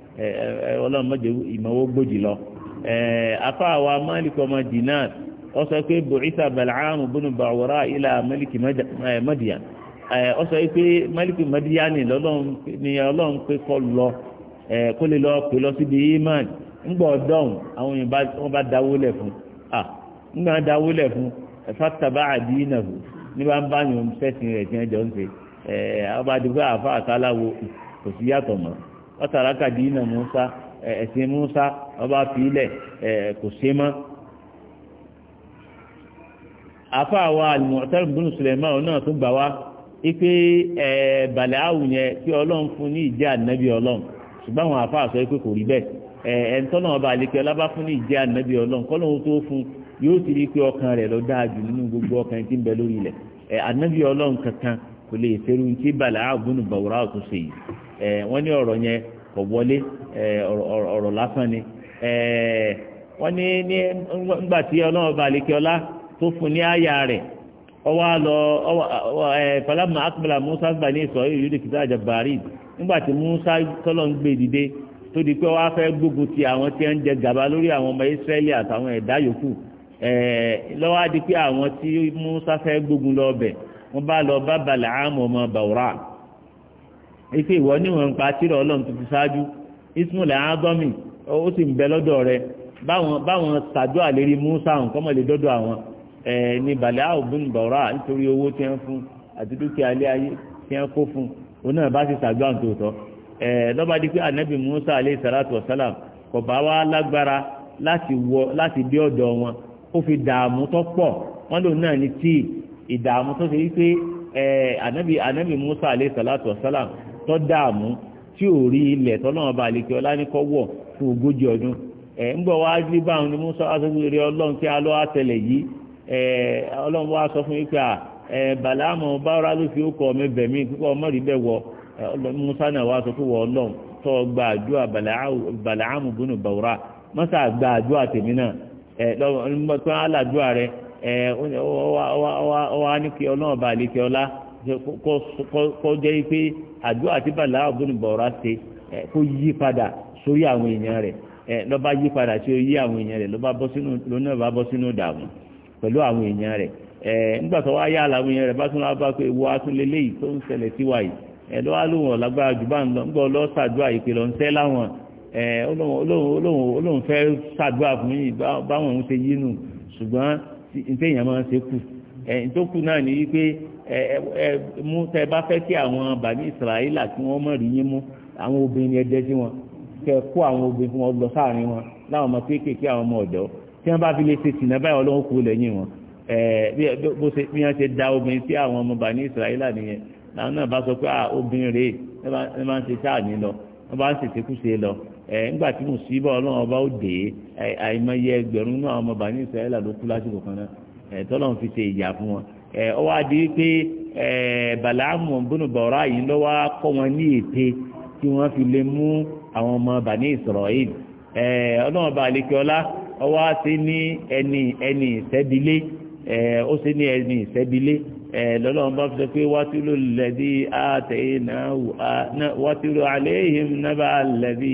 ọlọ́run mọ́jọ ìmọ̀wó gbòdì lọ afọ àwa malik ọmọ dinar ó pé bu'itha bal'amu bunu ila malik madian ó pé malik madian ni ọlọ́run pé kọ́ lọ kó lè lọ lọ síbi ńgbọ́ àwọn wọ́n bá dáwó lẹ̀ fún ńgbà dáwó lẹ̀ fún ń bá yòó fẹ́sìn rẹ̀ jọ ń ṣe ọba àfa kò sí yàtọ̀ mọ́. ọ̀tàràkà na musa ẹ̀sìn musa ọba fìlẹ̀ kò ṣe mọ́. afa wa alimọ̀tẹ́rù bùnú suleiman náà tún gbà wá ipe balẹ̀ awù yẹn kí ọlọ́run fún ní ìjẹ́ ànábì ọlọ́run ṣùgbọ́n àwọn afa sọ pé kò rí bẹ́ẹ̀ ẹ̀ẹ́ntọ́nà ọba àlekẹ́ ọlọba fún ní ìjẹ́ ànábì ọlọ́run kọ́lọ́hún tó fún yóò ti rí i pé ọkàn rẹ̀ lọ dáa jù nínú gbogbo ọkàn tí ń bẹ lórí ilẹ̀ ànábì ọlọ́run kankan kò lè ṣerú tí bàlẹ́ àbúnú bàwúrà ọ̀tún ṣe yìí wọ́n ní ọ̀rọ̀ yẹn kò wọlé ọ̀rọ̀ lásán ni wọ́n ní ní ńgbà tí ọlọ́run bá lè kí ọlá tó fún ní àyà rẹ̀ ọwọ́ lọ falamma akmala musa gbà ní ìsọ̀ yìí yìí kìtà àjàbárí nígbà tí musa tọ́lọ̀ ń gbé dìde tó di pé wọ́n á fẹ́ gbógun ti àwọn tí ń jẹ gàba lórí àwọn ọmọ israẹli àtàwọn ẹ̀dá yòókù lọ́wọ́ á di pé àwọn tí musa fẹ́ gbógun lọ bẹ̀ wọ́n bá lọ bá balẹ̀ àmọ́ ọmọ bàwúrà ife ìwọ níwọ̀n ń pa tírọ̀ ọlọ́run tó ti ṣáájú ismail adọ́mì ó sì ń bẹ lọ́dọ̀ rẹ báwọn ṣàjọ àlérí musa nkọ́mọ̀lẹ́ dọ́dọ̀ àwọn ní balẹ̀ àwòbùn bàwúrà nítorí owó tí wọ́n fún àti dúkìá ilé ayé tí wọ́n kó fún òun náà bá sì ṣàjọ àǹtòótọ́ lọ́ba di pé anabi musa aleyhi salatu wa kò bá wá lágbára láti dé ọ̀dọ̀ wọn ó fi dààmú tó pọ̀ wọ́n lòun náà ní tíì ìdààmú tó ṣe wípé ànábì ànábì Musa ale salatu wasalam tó dààmú tí ò rí ilẹ̀ tọ́lọ́wọ́n bá lè ọlá ní kọ́ wọ̀ fún ogójì ọdún ẹ̀ ń báwọn ni Musa ọlọ́run tí a lọ́ àtẹlẹ̀ yìí ọlọ́run wá sọ fún wípé bàlámù báwọ́rá ló fi kọ́ ọmọ ẹbẹ̀ mi kíkọ́ ọmọ wọ Musa náà wá sọ wọ ọlọ́run tó gba bàlámù bùnú gba náà ẹ̀ lọ́wọ́ wá ní kí ọlọ́run bá lè kí ọlá kó jẹ́ pé àdúrà tí bàlá ọ̀gbìn bọ̀ọ̀rá ṣe kó yí padà sórí àwọn èèyàn rẹ̀ lọ́ba yí padà tí ó yí àwọn èèyàn rẹ̀ lọ́ba bọ́ sínú lónà bá bọ́ sínú ìdààmú pẹ̀lú àwọn èèyàn rẹ̀ nígbà tó wá yá làwọn èèyàn rẹ̀ bá tún wá bá pé ewu atúnlélẹ́ yìí tó ń ṣẹlẹ̀ sí wa yìí ẹ̀dọ́ wa lóhùn ọ̀lágbára jù bá ń lọ ńgbọ́ lọ́ sàdúrà ìpè lọ ń tẹ́ láwọn olóhùn fẹ́ sàdúrà fún yìí báwọn ń ṣe yínú ṣùgbọ́n níta èèyàn máa ń ṣe kù ẹ nítorí kù náà ní wípé ẹ ẹ mú tẹ bá fẹ́ kí àwọn bàbá ìsirayílà kí wọ́n mọ̀ rí yín mú àwọn obìnrin yẹn dẹ́ sí wọn kẹ kó àwọn obìnrin fún wọn lọ sáàrin wọn láwọn ọmọ kéékèèké àwọn ọmọ ọ̀dọ́ tí wọ́n bá fi lè ṣe tìǹà báyìí ọlọ́run kú lẹ́yìn wọn ẹ bó ṣe bí wọ́n ṣe da obìnrin sí àwọn ọmọ bàbá ìsirayílà nìyẹn làwọn náà bá sọ pé ah obìnrin rèé ẹ máa ń ṣe sáà ní lọ wọ́n bá ń ṣèṣekúṣe lọ ẹ ńgbà tí mùsíbà ọlọ́run ọba ó dé ẹ àìmọye ẹgbẹ̀rún náà ọmọ bàní ìsirayẹlà ló kú lásìkò kan náà ẹ tọ́lọ́run fi ṣe ìyà fún wọn ẹ ọ wá di pé ẹ bàlámù bùnú bọ̀rọ̀ àyè ló wá kọ́ wọn ní ète tí wọ́n fi lè mú àwọn ọmọ bàní Israel ẹ ọlọ́run ọba àlekíọ́lá ọ wá sí ní ẹni ẹni ìṣẹ́bílé ó sí ní ẹni ìṣẹ́bílé lọ́lọ́run bá fi sọ pé wátúlò lẹ́bí àtẹ̀yìn náà wátúlò àléhìn náà bá lẹ́bí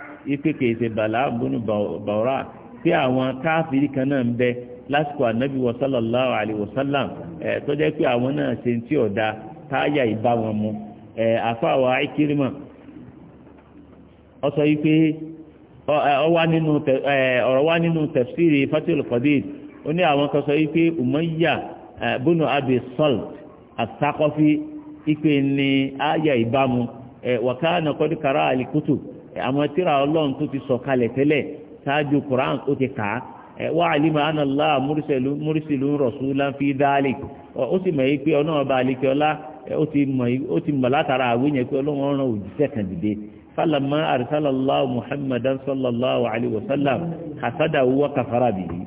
ipe kìí ṣe bàlá bùnú bàwúrà pé àwọn káfíìrì kan náà ń bẹ lásìkò ànábì wa sallallahu alayhi wa sallam ẹ tó jẹ́ pé àwọn náà ṣe tí ò da táyà ìbá wọn mu ẹ àfàwọ àìkírímọ ọ yìí pé ọ̀rọ̀ wá nínú tafsiri fatil qadir ó ní àwọn kan sọ yìí pé umayya bunu abi salt asakọfi ipe ni àyà ìbámu ẹ wàkàna kọ́dí kara àlìkútù àwọn tíra ọlọ́run tó ti sọ kalẹ̀ tẹ́lẹ̀ ṣáájú Quran ó ti kà á wà alima anna Allah múrísìlú rasulan fi dhalik ó sì mọ̀ yí pé ọlọ́run ọba àlekẹ́ ọlá ó ti mọ̀ látara àwé yẹn pé ọlọ́run ọ̀ràn òjíṣẹ́ kan dìde falamma arsalallahu muhammadan sallallahu alayhi wa sallam hasadahu wa kafara bihi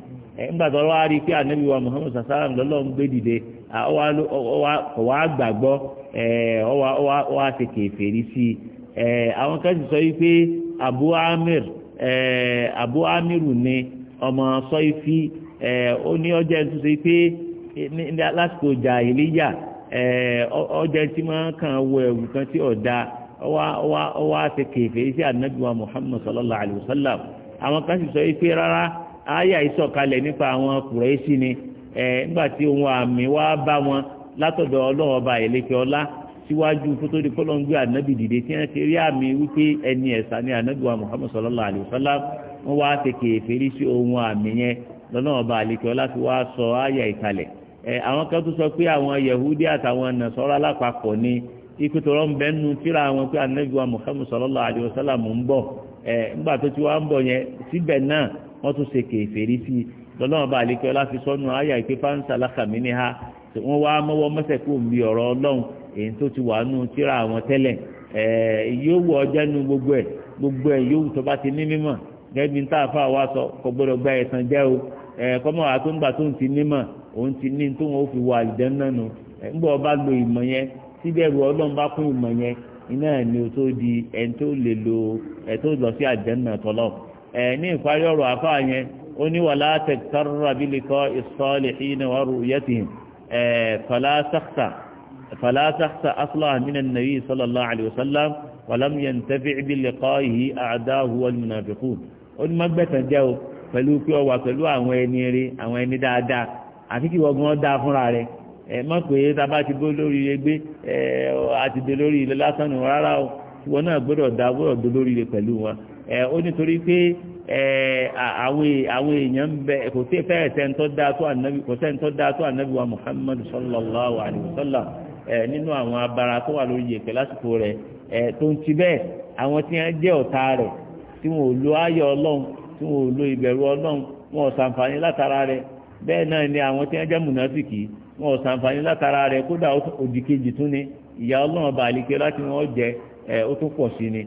nígbà tó wá rí i pé ànábi wa muhammad sallam lọ́lọ́run gbé dìde ọwọ́ àgbàgbọ́ ọwọ́ àṣekè fèrè sí i àwọn kan sì sọ yìí pé abu amir abu amiru ni ọmọ sọ́ìfì ó ní ọjọ́ ẹni tó ṣe pé lásìkò jàhílíyà ọjọ́ ẹni tí máa kàn wọ ẹ̀wù kan tí ọ̀dà ọwọ́ àti kèfèé sí ànábì wa sallallahu alayhi wa sallam àwọn kan sì sọ yìí pé rárá àyà ìsọ̀kalẹ̀ nípa àwọn kùrẹ́sì ni nígbà tí ohun àmì bá wọn látọ̀dọ̀ síwájú kótó di kọ́lọ́ ń gbé ànábì dìde tí wọ́n ti rí àmì wípé ẹni ẹ̀sà ni ànábì wa muhammad sallallahu alayhi wa sallam wọ́n wá tètè fèrè sí ohun àmì yẹn lọ́nà ọba àlekè ọlá fi wá sọ ayà ìkàlẹ̀ ẹ̀ àwọn kan tó sọ pé àwọn yahudi àtàwọn nàṣọ́rọ́ alápapọ̀ ni ikú tó rọ́n nu tíra àwọn pé ànábì wa muhammad sallallahu alayhi wa sallam ń bọ̀ ẹ̀ ńgbà tó ti wá ń bọ̀ yẹn síbẹ̀ náà wọ́n tún ṣe kèfèrí sí lọ́nà ọba àlekè ọlá fi sọ́nu ayà ìpè fáńsà lákàmínì ha wọ́n wá mọ́wọ́ mọ́sẹ̀ mi ọ̀rọ̀ ọlọ́run èyí tó ti wà nù tíra àwọn tẹ́lẹ̀ yóò wọ gbogbo ẹ̀ gbogbo ẹ̀ yóò tó bá ti ní mímọ̀ gẹ́gẹ́ bí tá wá sọ kò gba ẹ̀sán jẹ́ o kọ́mọ̀ wà tó tó ń ti ọba lo ìmọ̀ yẹn ọlọ́run bá kún ìmọ̀ yẹn iná o tó di ẹ̀ tó lè lo ẹ̀ tó lọ sí náà tọ́lọ̀ ẹ̀ ní ìparí ọ̀rọ̀ ó ní wàlá فلا تخشى أصلا من النبي صلى الله عليه وسلم ولم ينتفع بلقائه أعداؤه والمنافقون ó ní mọ́gbẹ́tàn jẹ́ o pẹ̀lú kí ọ wà pẹ̀lú àwọn ẹni eré àwọn ẹni dáadáa àti kí wọ́gbọ́n dá fúnra rẹ̀ ẹ mọ̀ pé tábà ti bó lórí ẹgbẹ́ ẹ àti dé lórí ilé lásán nù rárá o ìwọ náà gbọ́dọ̀ dá gbọ́dọ̀ dó lórí ilé pẹ̀lú wọn ẹ ó nítorí pé ẹ àwọn àwọn èèyàn bẹ kò sí fẹ́ẹ̀ sẹ́ńtọ́ dáa tó ànábì kò sẹ́ńtọ́ dáa tó ànábì wa Muhammad sallallahu alayhi wa sallam. nínú àwọn abara tó wà lórí yèpẹ̀ lásìkò rẹ̀ tó ń ti bẹ́ẹ̀ àwọn tí wọ́n jẹ́ ọ̀tá rẹ̀ tí wọ́n lo ayọ̀ ọlọ́run tí wọ́n lo ìbẹ̀rù ọlọ́run wọn ò sàǹfààní látara rẹ̀ bẹ́ẹ̀ náà ni àwọn tí wọ́n jẹ́ mùnàfìkì wọn ò sàǹfààní látara rẹ̀ kódà òdì kejì tún ni ìyá ọlọ́run bá àlìkẹ́ láti wọn jẹ ó tún pọ̀ sí ni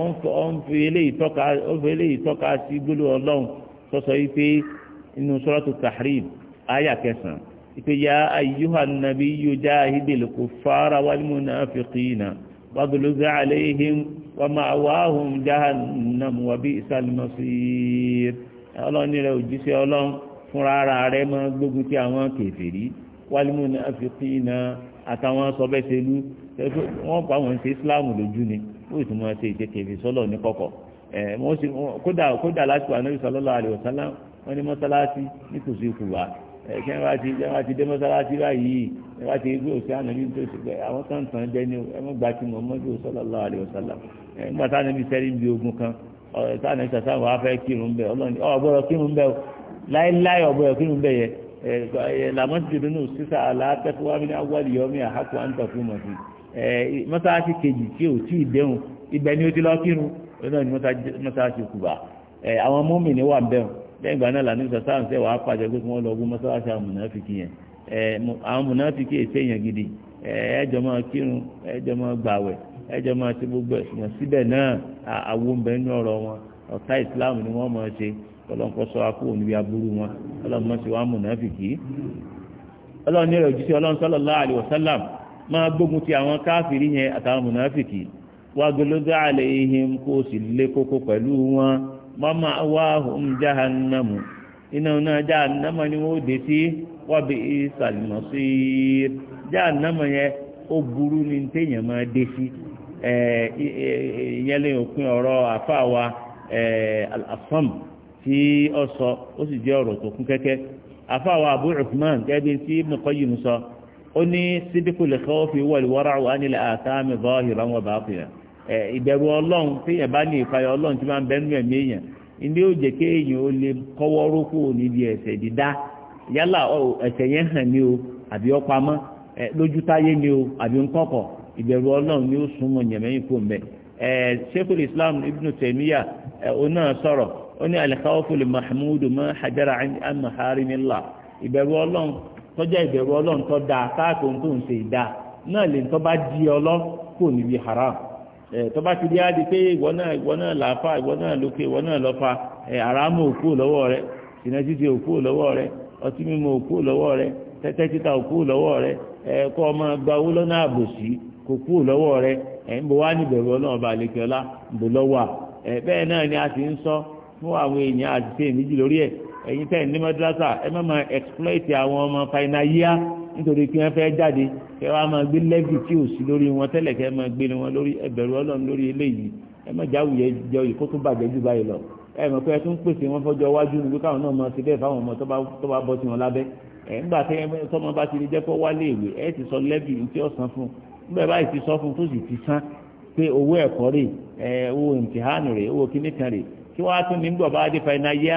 ó ń fi eléyìí tọ́ka sí gbólóhùn ìpè ya ayyuha nabiyyu jahidil kuffara wal munafiqina waghluz alayhim wa ma'wahum jahannam wa bi'sal masir ọlọ́ni rẹ̀ òjíṣẹ́ ọlọ́run fúnra ara rẹ̀ máa gbógun ti àwọn kèfèrí wal munafiqina àtàwọn sọbẹ́sẹ̀lú wọ́n pa àwọn ṣe islamu lójú ni wọ́n sì máa ṣe ìtẹ̀kẹ̀fẹ̀ sọ́lọ̀ ní kọ̀kọ̀ kódà láti wà ẹ̀kẹ́ wá ti ẹ wá ti dé mọ́sálásí báyìí ẹ wá ti gbé òsì ànábi tó ti gbẹ àwọn kan tàn jẹ ní ẹ mọ́ gba ti Muhammadu sallallahu alaihi wasallam ẹ ń gbà sànàbi sẹ́rí ń bi ogun kan ọ̀rẹ́ sànàbi sàṣà wà á fẹ́ kírun bẹ́ẹ̀ ọlọ́ni ọ̀gbọ́dọ̀ kírun bẹ́ẹ̀ láéláé ọ̀gbọ́dọ̀ kírun bẹ́ẹ̀ yẹ lamọ́sídìdì nù sísà aláàtẹ́fúwá mi ní awọ́lì yọmí àhákù fún mọ̀ lẹ́yìn ìgbà náà lànà ìsọ̀tà ń sẹ́ wàá pàjẹ́ pé lọ gún yẹn àwọn gidi máa kírun máa máa ti gbogbo ẹ̀sùn síbẹ̀ náà àwọn Islam ni wọ́n máa ṣe ọlọ́nkọ́ sọ níbi aburú wọn ọlọ́run mama wahun jahannamu ina na jahannama ni o de ti wabi bi isal masir jahannama ye o buru ni teya ma de si eh yele okun oro afawa eh al afam ti oso o si je oro tokun keke afawa abu uthman ke bi ti ibn qayyim so oni sidiku li khawfi wal wara'u an al atami zahiran wa batinan ìbẹ̀rù ọlọ́run téèyàn bá ní ìfàyà ọlọ́run tí máa ń bẹ́nu ẹ̀mí èèyàn ilé ó jẹ́ kéèyàn ó lè kọ́wọ́ rókò níbi ẹ̀ṣẹ̀ dídá yálà ẹ̀ṣẹ̀ yẹn hàn ní o àbí ọpamọ́ lójú táyé ní o àbí nkọ́kọ̀ ìbẹ̀rù ọlọ́run ni ó súnmọ́ yẹ̀mẹ́yìn kò mẹ́ ẹ̀ Sheikhul Islam Ibn Taymiyyah ọ̀nà sọ̀rọ̀ ó ní al-khawfu al-mahmudu ma hajara an ìbẹ̀rù ọlọ́run tọ́jà ìbẹ̀rù ọlọ́run tọ́ tó bá ti di adi pé ìwọ náà ìwọ náà làáfà ìwọ náà lókè ìwọ náà lọ́fà àràmù òkú lọ́wọ́ rẹ sìnà títí òkú lọ́wọ́ rẹ ọtí mímu òkú lọ́wọ́ rẹ tẹ́tẹ́ títa òkú lọ́wọ́ rẹ ọmọ gba owó lọ́nà àbòsí kò kú lọ́wọ́ rẹ ọlọ́run ọlá lọ́wọ́ bẹ́ẹ̀ náà ni a ti ń sọ fún àwọn èèyàn nítorí pé wọ́n fẹ́ jáde kẹ wàá máa gbé lẹ́bì tí ò sí lórí wọn tẹ́lẹ̀ kẹ máa gbé wọn lórí ẹbẹ̀rù ọlọ́run lórí eléyìí ẹ má jáwù yẹ jọ yìí kó tó bàjẹ́ jù báyìí lọ ẹ mọ̀ pé ẹ tún pèsè wọn fọjọ́ iwájú níbi káwọn náà máa ṣe bẹ́ẹ̀ fáwọn ọmọ tó bá bọ́ sí wọn lábẹ́ ẹ ńgbà tẹ tọmọ bá ti lè jẹ́ kó wálé ìwé ẹ ti sọ lẹ́bì tí ó san fún níbẹ̀ báyìí ti sọ fún tó sì ti san pé owó ẹ̀kọ́ rè owó ìmùtìhánù rè owó kíníkan rè kí wọ́n á tún ní gbọ̀ bá dé fa iná yá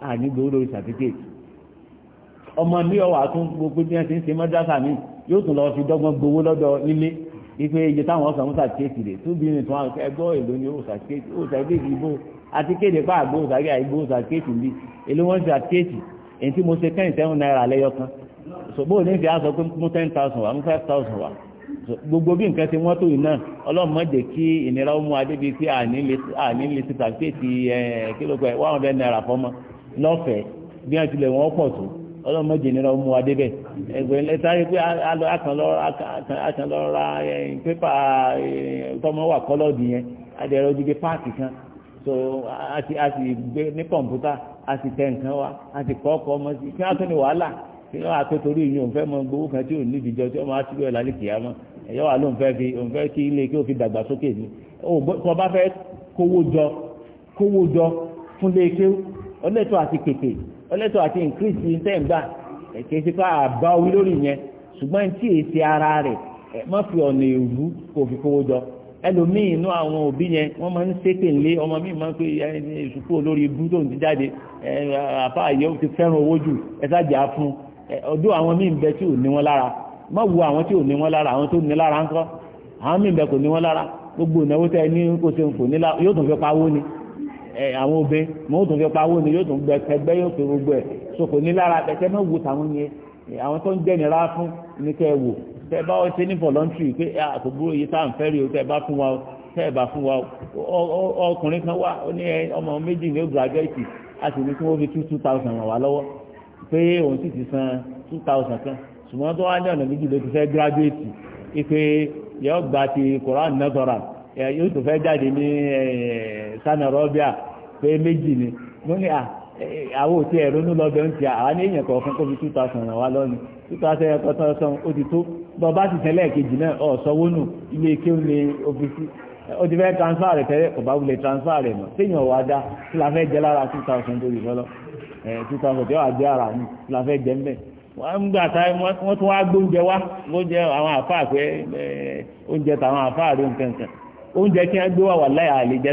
ànígbò lórí sàtífíkèétì ọmọ ní ọwà tún gbogbo bí wọn ti ń ṣe mọdásà mi yóò tún lọ fi dọ́gbọ́n gbowó lọ́dọ̀ nílé ife iye táwọn ọsàn mọsà kéèkì rè tún bí ní tún àwọn ẹgbọ èlò ní òòsà kéèkì òòsà kéèkì ibo àti kéde pa àgbo òòsà kéèkì àgbo òòsà kéèkì bí èlò wọn ti àkéèkì èyí tí mo ṣe kẹ́yìn tẹ́hún náírà lẹ́yọ kan ṣògbó ní fi aṣọ pé mú ten thousand wá mú five thousand wá gbogbo bí nǹkan ti wọ́n tó yìí náà ọlọ́run má jẹ́ kí ìnira ó mú adébíyí pé àní lè síta kéèkì ẹ̀ kílógún ẹ̀ one hundred naira fọ́mọ́ lọ́fẹ̀ẹ́ bí wọ́n tilẹ̀ wọ́n pọ̀ tó ọlọ́mọdé nira mú wa débẹ̀ ẹgbẹ́ ẹ̀sáré pé akànlọ́ra pépà tọmọ wà kọ́lọ́ọ̀dù yẹn adẹ̀rẹ̀ ojúge páàkì kan so a ti gbé ní kọ̀ǹpútà a ti tẹ nǹkan wa a ti kọ́ ọkọ̀ ọmọ sí kí wọ́n tún ní wàhálà kí wọ́n àti torí ìyẹn òun fẹ́ mọ gbowó kan tí òun níbi jọ tí wọ́n máa ti bẹ̀rẹ̀ lálẹ́ kìá mọ́ ẹ̀yọ́ wa ló ń fẹ́ fi òun fẹ́ kí ilé kí ó fi dàgbàsókè ni tó bá fẹ́ kówó jọ kówó jọ fún lé ọlẹ́tọ̀ àti kèké ọlẹ́tọ̀ àti increase ní tẹ́ǹgbà ẹ̀kẹ́ sí pé àbá orí lórí yẹn ṣùgbọ́n ní tí èsì ara rẹ̀ ẹ̀ má fi ọ̀nà èrú kò fi kówó jọ ẹlòmíì inú àwọn òbí yẹn wọ́n máa ń ṣépè ńlé ọmọ mi máa ń pè é ìṣùkú olórí ibú tó ń ti jáde àfa àyẹ̀wò ti fẹ́ràn owó jù ẹ sájà fún ọdún àwọn míì ń bẹ tí ò ní wọn lára má wo àwọn tí ò ní wọn lára àwọn tó ní lára ńkọ́ àwọn míì ń bẹ kò ní wọn lára gbogbo ìnáwó tẹ ní kó ṣe ń kò ní lára yóò tún fi pawó ni àwọn obìnrin wọn ó tún fi pawó ni yóò tún gbẹ ẹgbẹ́ yóò fi gbogbo ẹ̀ sokò ní lára tẹ̀tẹ̀ náà wù táwọn yẹn àwọn tó ń jẹ́nira fún ní kẹ́ ẹ wò tẹ́ ẹ bá ṣe ní voluntary pé àkókò yìí tá à ń fẹ́ rí o tẹ́ bá fún wa o bá fún wa o ọkùnrin kan wà ó ní ọmọ méjì ní graduate a sì ní kí wọ́n fi two two thousand wà lọ́wọ́ pé òun sì ti san two thousand kan ṣùgbọ́n tó wá ní ọ̀nà méjì ló ti fẹ́ graduate ipe yóò gba ti Quran nàzọ́ra yóò tó fẹ́ jáde ní sanarobia pé méjì ni mo ní à àwọn òtí ẹ̀rọnú lọ́bẹ̀ ń ti àwọn ní èèyàn kọ̀ọ̀kan kó fi two thousand ràn wá lọ́nu two thousand ẹ̀kọ́ tán ó ti tó bọ́ bá ti tẹ́lẹ̀ kejì náà ọ̀ nù ilé ike ofisi ó ti fẹ́ transfer rẹ̀ tẹ́lẹ̀ kò bá wulẹ̀ transfer rẹ̀ mọ̀ wà dá kí la fẹ́ jẹ́ lára two thousand tó lè ara mi kí la fẹ́ jẹ́ ń bẹ̀. wọ́n gbà tá wọ́n tún wá gbóúnjẹ wá gbóúnjẹ àwọn àfáà pé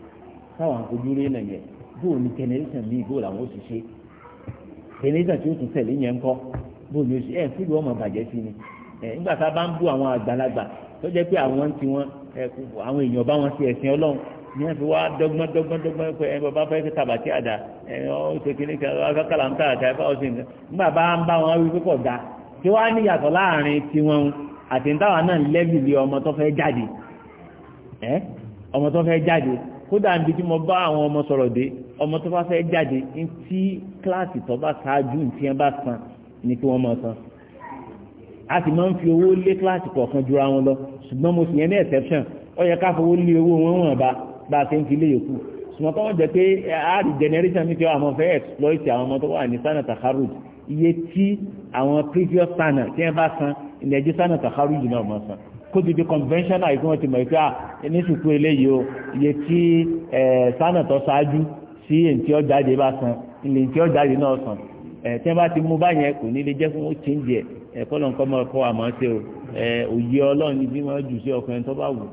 táwọn afojú rí bóò ní generation míì bóò làwọn ó ṣe generation tí ó tún tẹ̀lé yẹn ń kọ́ bóò ní ó ẹ̀ fúlù ọmọ bàjẹ́ sí ni ẹ̀ nígbà tá a bá ń bú àwọn àgbàlagbà tó jẹ́ pé àwọn ti wọn ẹ̀ àwọn èèyàn bá wọn ṣe ẹ̀sìn ọlọ́run ní wọn fi wá dọ́gbọ́n dọ́gbọ́n dọ́gbọ́n pé ẹ bàbá fẹ́ fi tàbàtì àdá ẹ ọ ṣe kìíní kan ọ kàlà ń tàbàtì àdá ọ sì ń gbà bá ń bá wọn kódà níbi tí mo bá àwọn ọmọ sọ̀rọ̀ dé ọmọ tó bá fẹ́ jáde ní tí kíláàsì tó bá ṣáájú tí wọ́n bá san ni kí wọ́n máa san a sì máa ń fi owó lé kíláàsì kọ̀ọ̀kan jura wọn lọ ṣùgbọ́n mo sì yẹn ní exception ó yẹ ká fowó lé owó wọn wọn bá bá a ṣe ń fi lé yòókù ṣùgbọ́n kọ́ wọ́n jẹ́ pé àárí generation mi ti wà àwọn fẹ́ exploit àwọn ọmọ tó wà ní sanna takarud iye tí àwọn previous sanna tí wọ́n bá san ilẹ̀ ẹjọ́ sanna takarud náà máa san kó ti di conventional ìgbìmọ̀ ti mọ̀ pé à ah, ní sùkú eléyìí o iye tí sánà tó ṣáájú sí èntì ọ̀jáde bá san ilé èntì ọ̀jáde náà san tí wọ́n bá ti mú báyẹn kò ní lè jẹ́ fún ó ti ń jẹ ẹ̀kọ́ lọ́n kọ́ máa kọ́ àmọ́ ṣe o òye ọlọ́run ní bí wọ́n jù sí ọkùnrin tó bá wù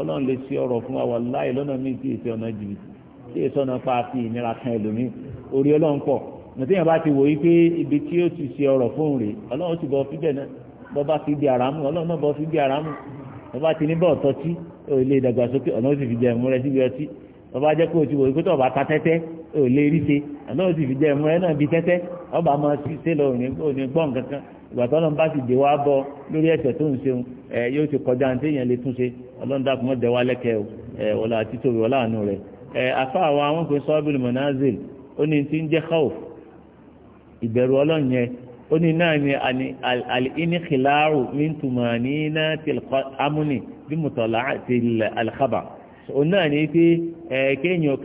ọlọ́run lè ṣe ọ̀rọ̀ fún wa wà láì lọ́nà míì tí èsì ọ̀nà jìbìtì tí èsì ọ̀nà pa àfi ìnira kan ẹlòmíì orí ọlọ́run pọ̀ mọ̀tẹ́yìn bá ti wò yí pé ibi tí ó ti ṣe ọ̀rọ̀ fóun rèé ọlọ́run ti bọ̀ fíbẹ̀ náà bọ́ba ti di àràmù ọlọ́run náà bọ́ fi di àràmù bọ́ba ti ní bọ́ọ̀tọ́ tí ò lè dàgbàsókè ọ̀nà ó sì fi jẹ ẹ̀mú rẹ síbi ọtí bọ́ba jẹ́ kó o ti wò pé tọ́ba ta tẹ́tẹ́ ò lè rí ṣe ọ̀nà ó sì fi jẹ ẹ̀mú rẹ náà bí tẹ́tẹ́ ọba máa fi ṣe lọ òní gbọ́n kankan ìgbà tó ọlọ́run bá ti dé wá bọ lórí ẹ̀ṣẹ̀ tó ń ṣeun ẹ yóò ti kọjá ní téèyàn ó ní náà ni alìníkìláàrù mìtùmọ̀ ní náà ti amúni bí mùtọ̀lá àti alìkábà ó náà ni pé eh, kéèyàn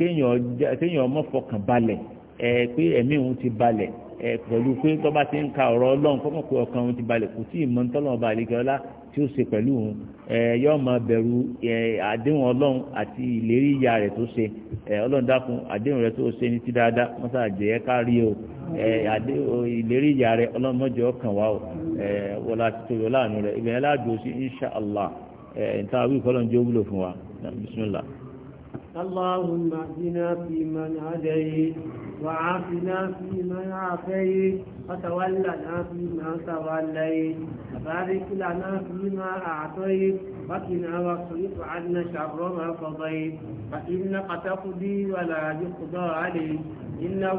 kéèyàn mọ́fọkàn balẹ̀ eh, pé ẹ̀mí òun ti balẹ̀ ẹ pẹ̀lú pé tó ti ń ka ọ̀rọ̀ ọlọ́run kọ́kọ́ pé ọkàn òun ti balẹ̀ kò tí ì mọ ọba àlejò ọlá tí ó ṣe pẹ̀lú òun ẹ yọ ọmọ bẹ̀rù ẹ àdéhùn ọlọ́run àti ìlérí tó ṣe ẹ ọlọ́run o ẹ ìlérí ìyá rẹ̀ ọlọ́run mọ́jọ ọkàn wa o ẹ wọlá ti tó yọ láàánú rẹ̀ اللهم اهدنا فيمن هديت وعافنا فيمن عافيت وتولنا فيما توليت وبارك لنا فيما اعطيت وقنا واصرف عنا شر ما قضيت فانك تقضي ولا يقضى عليك انه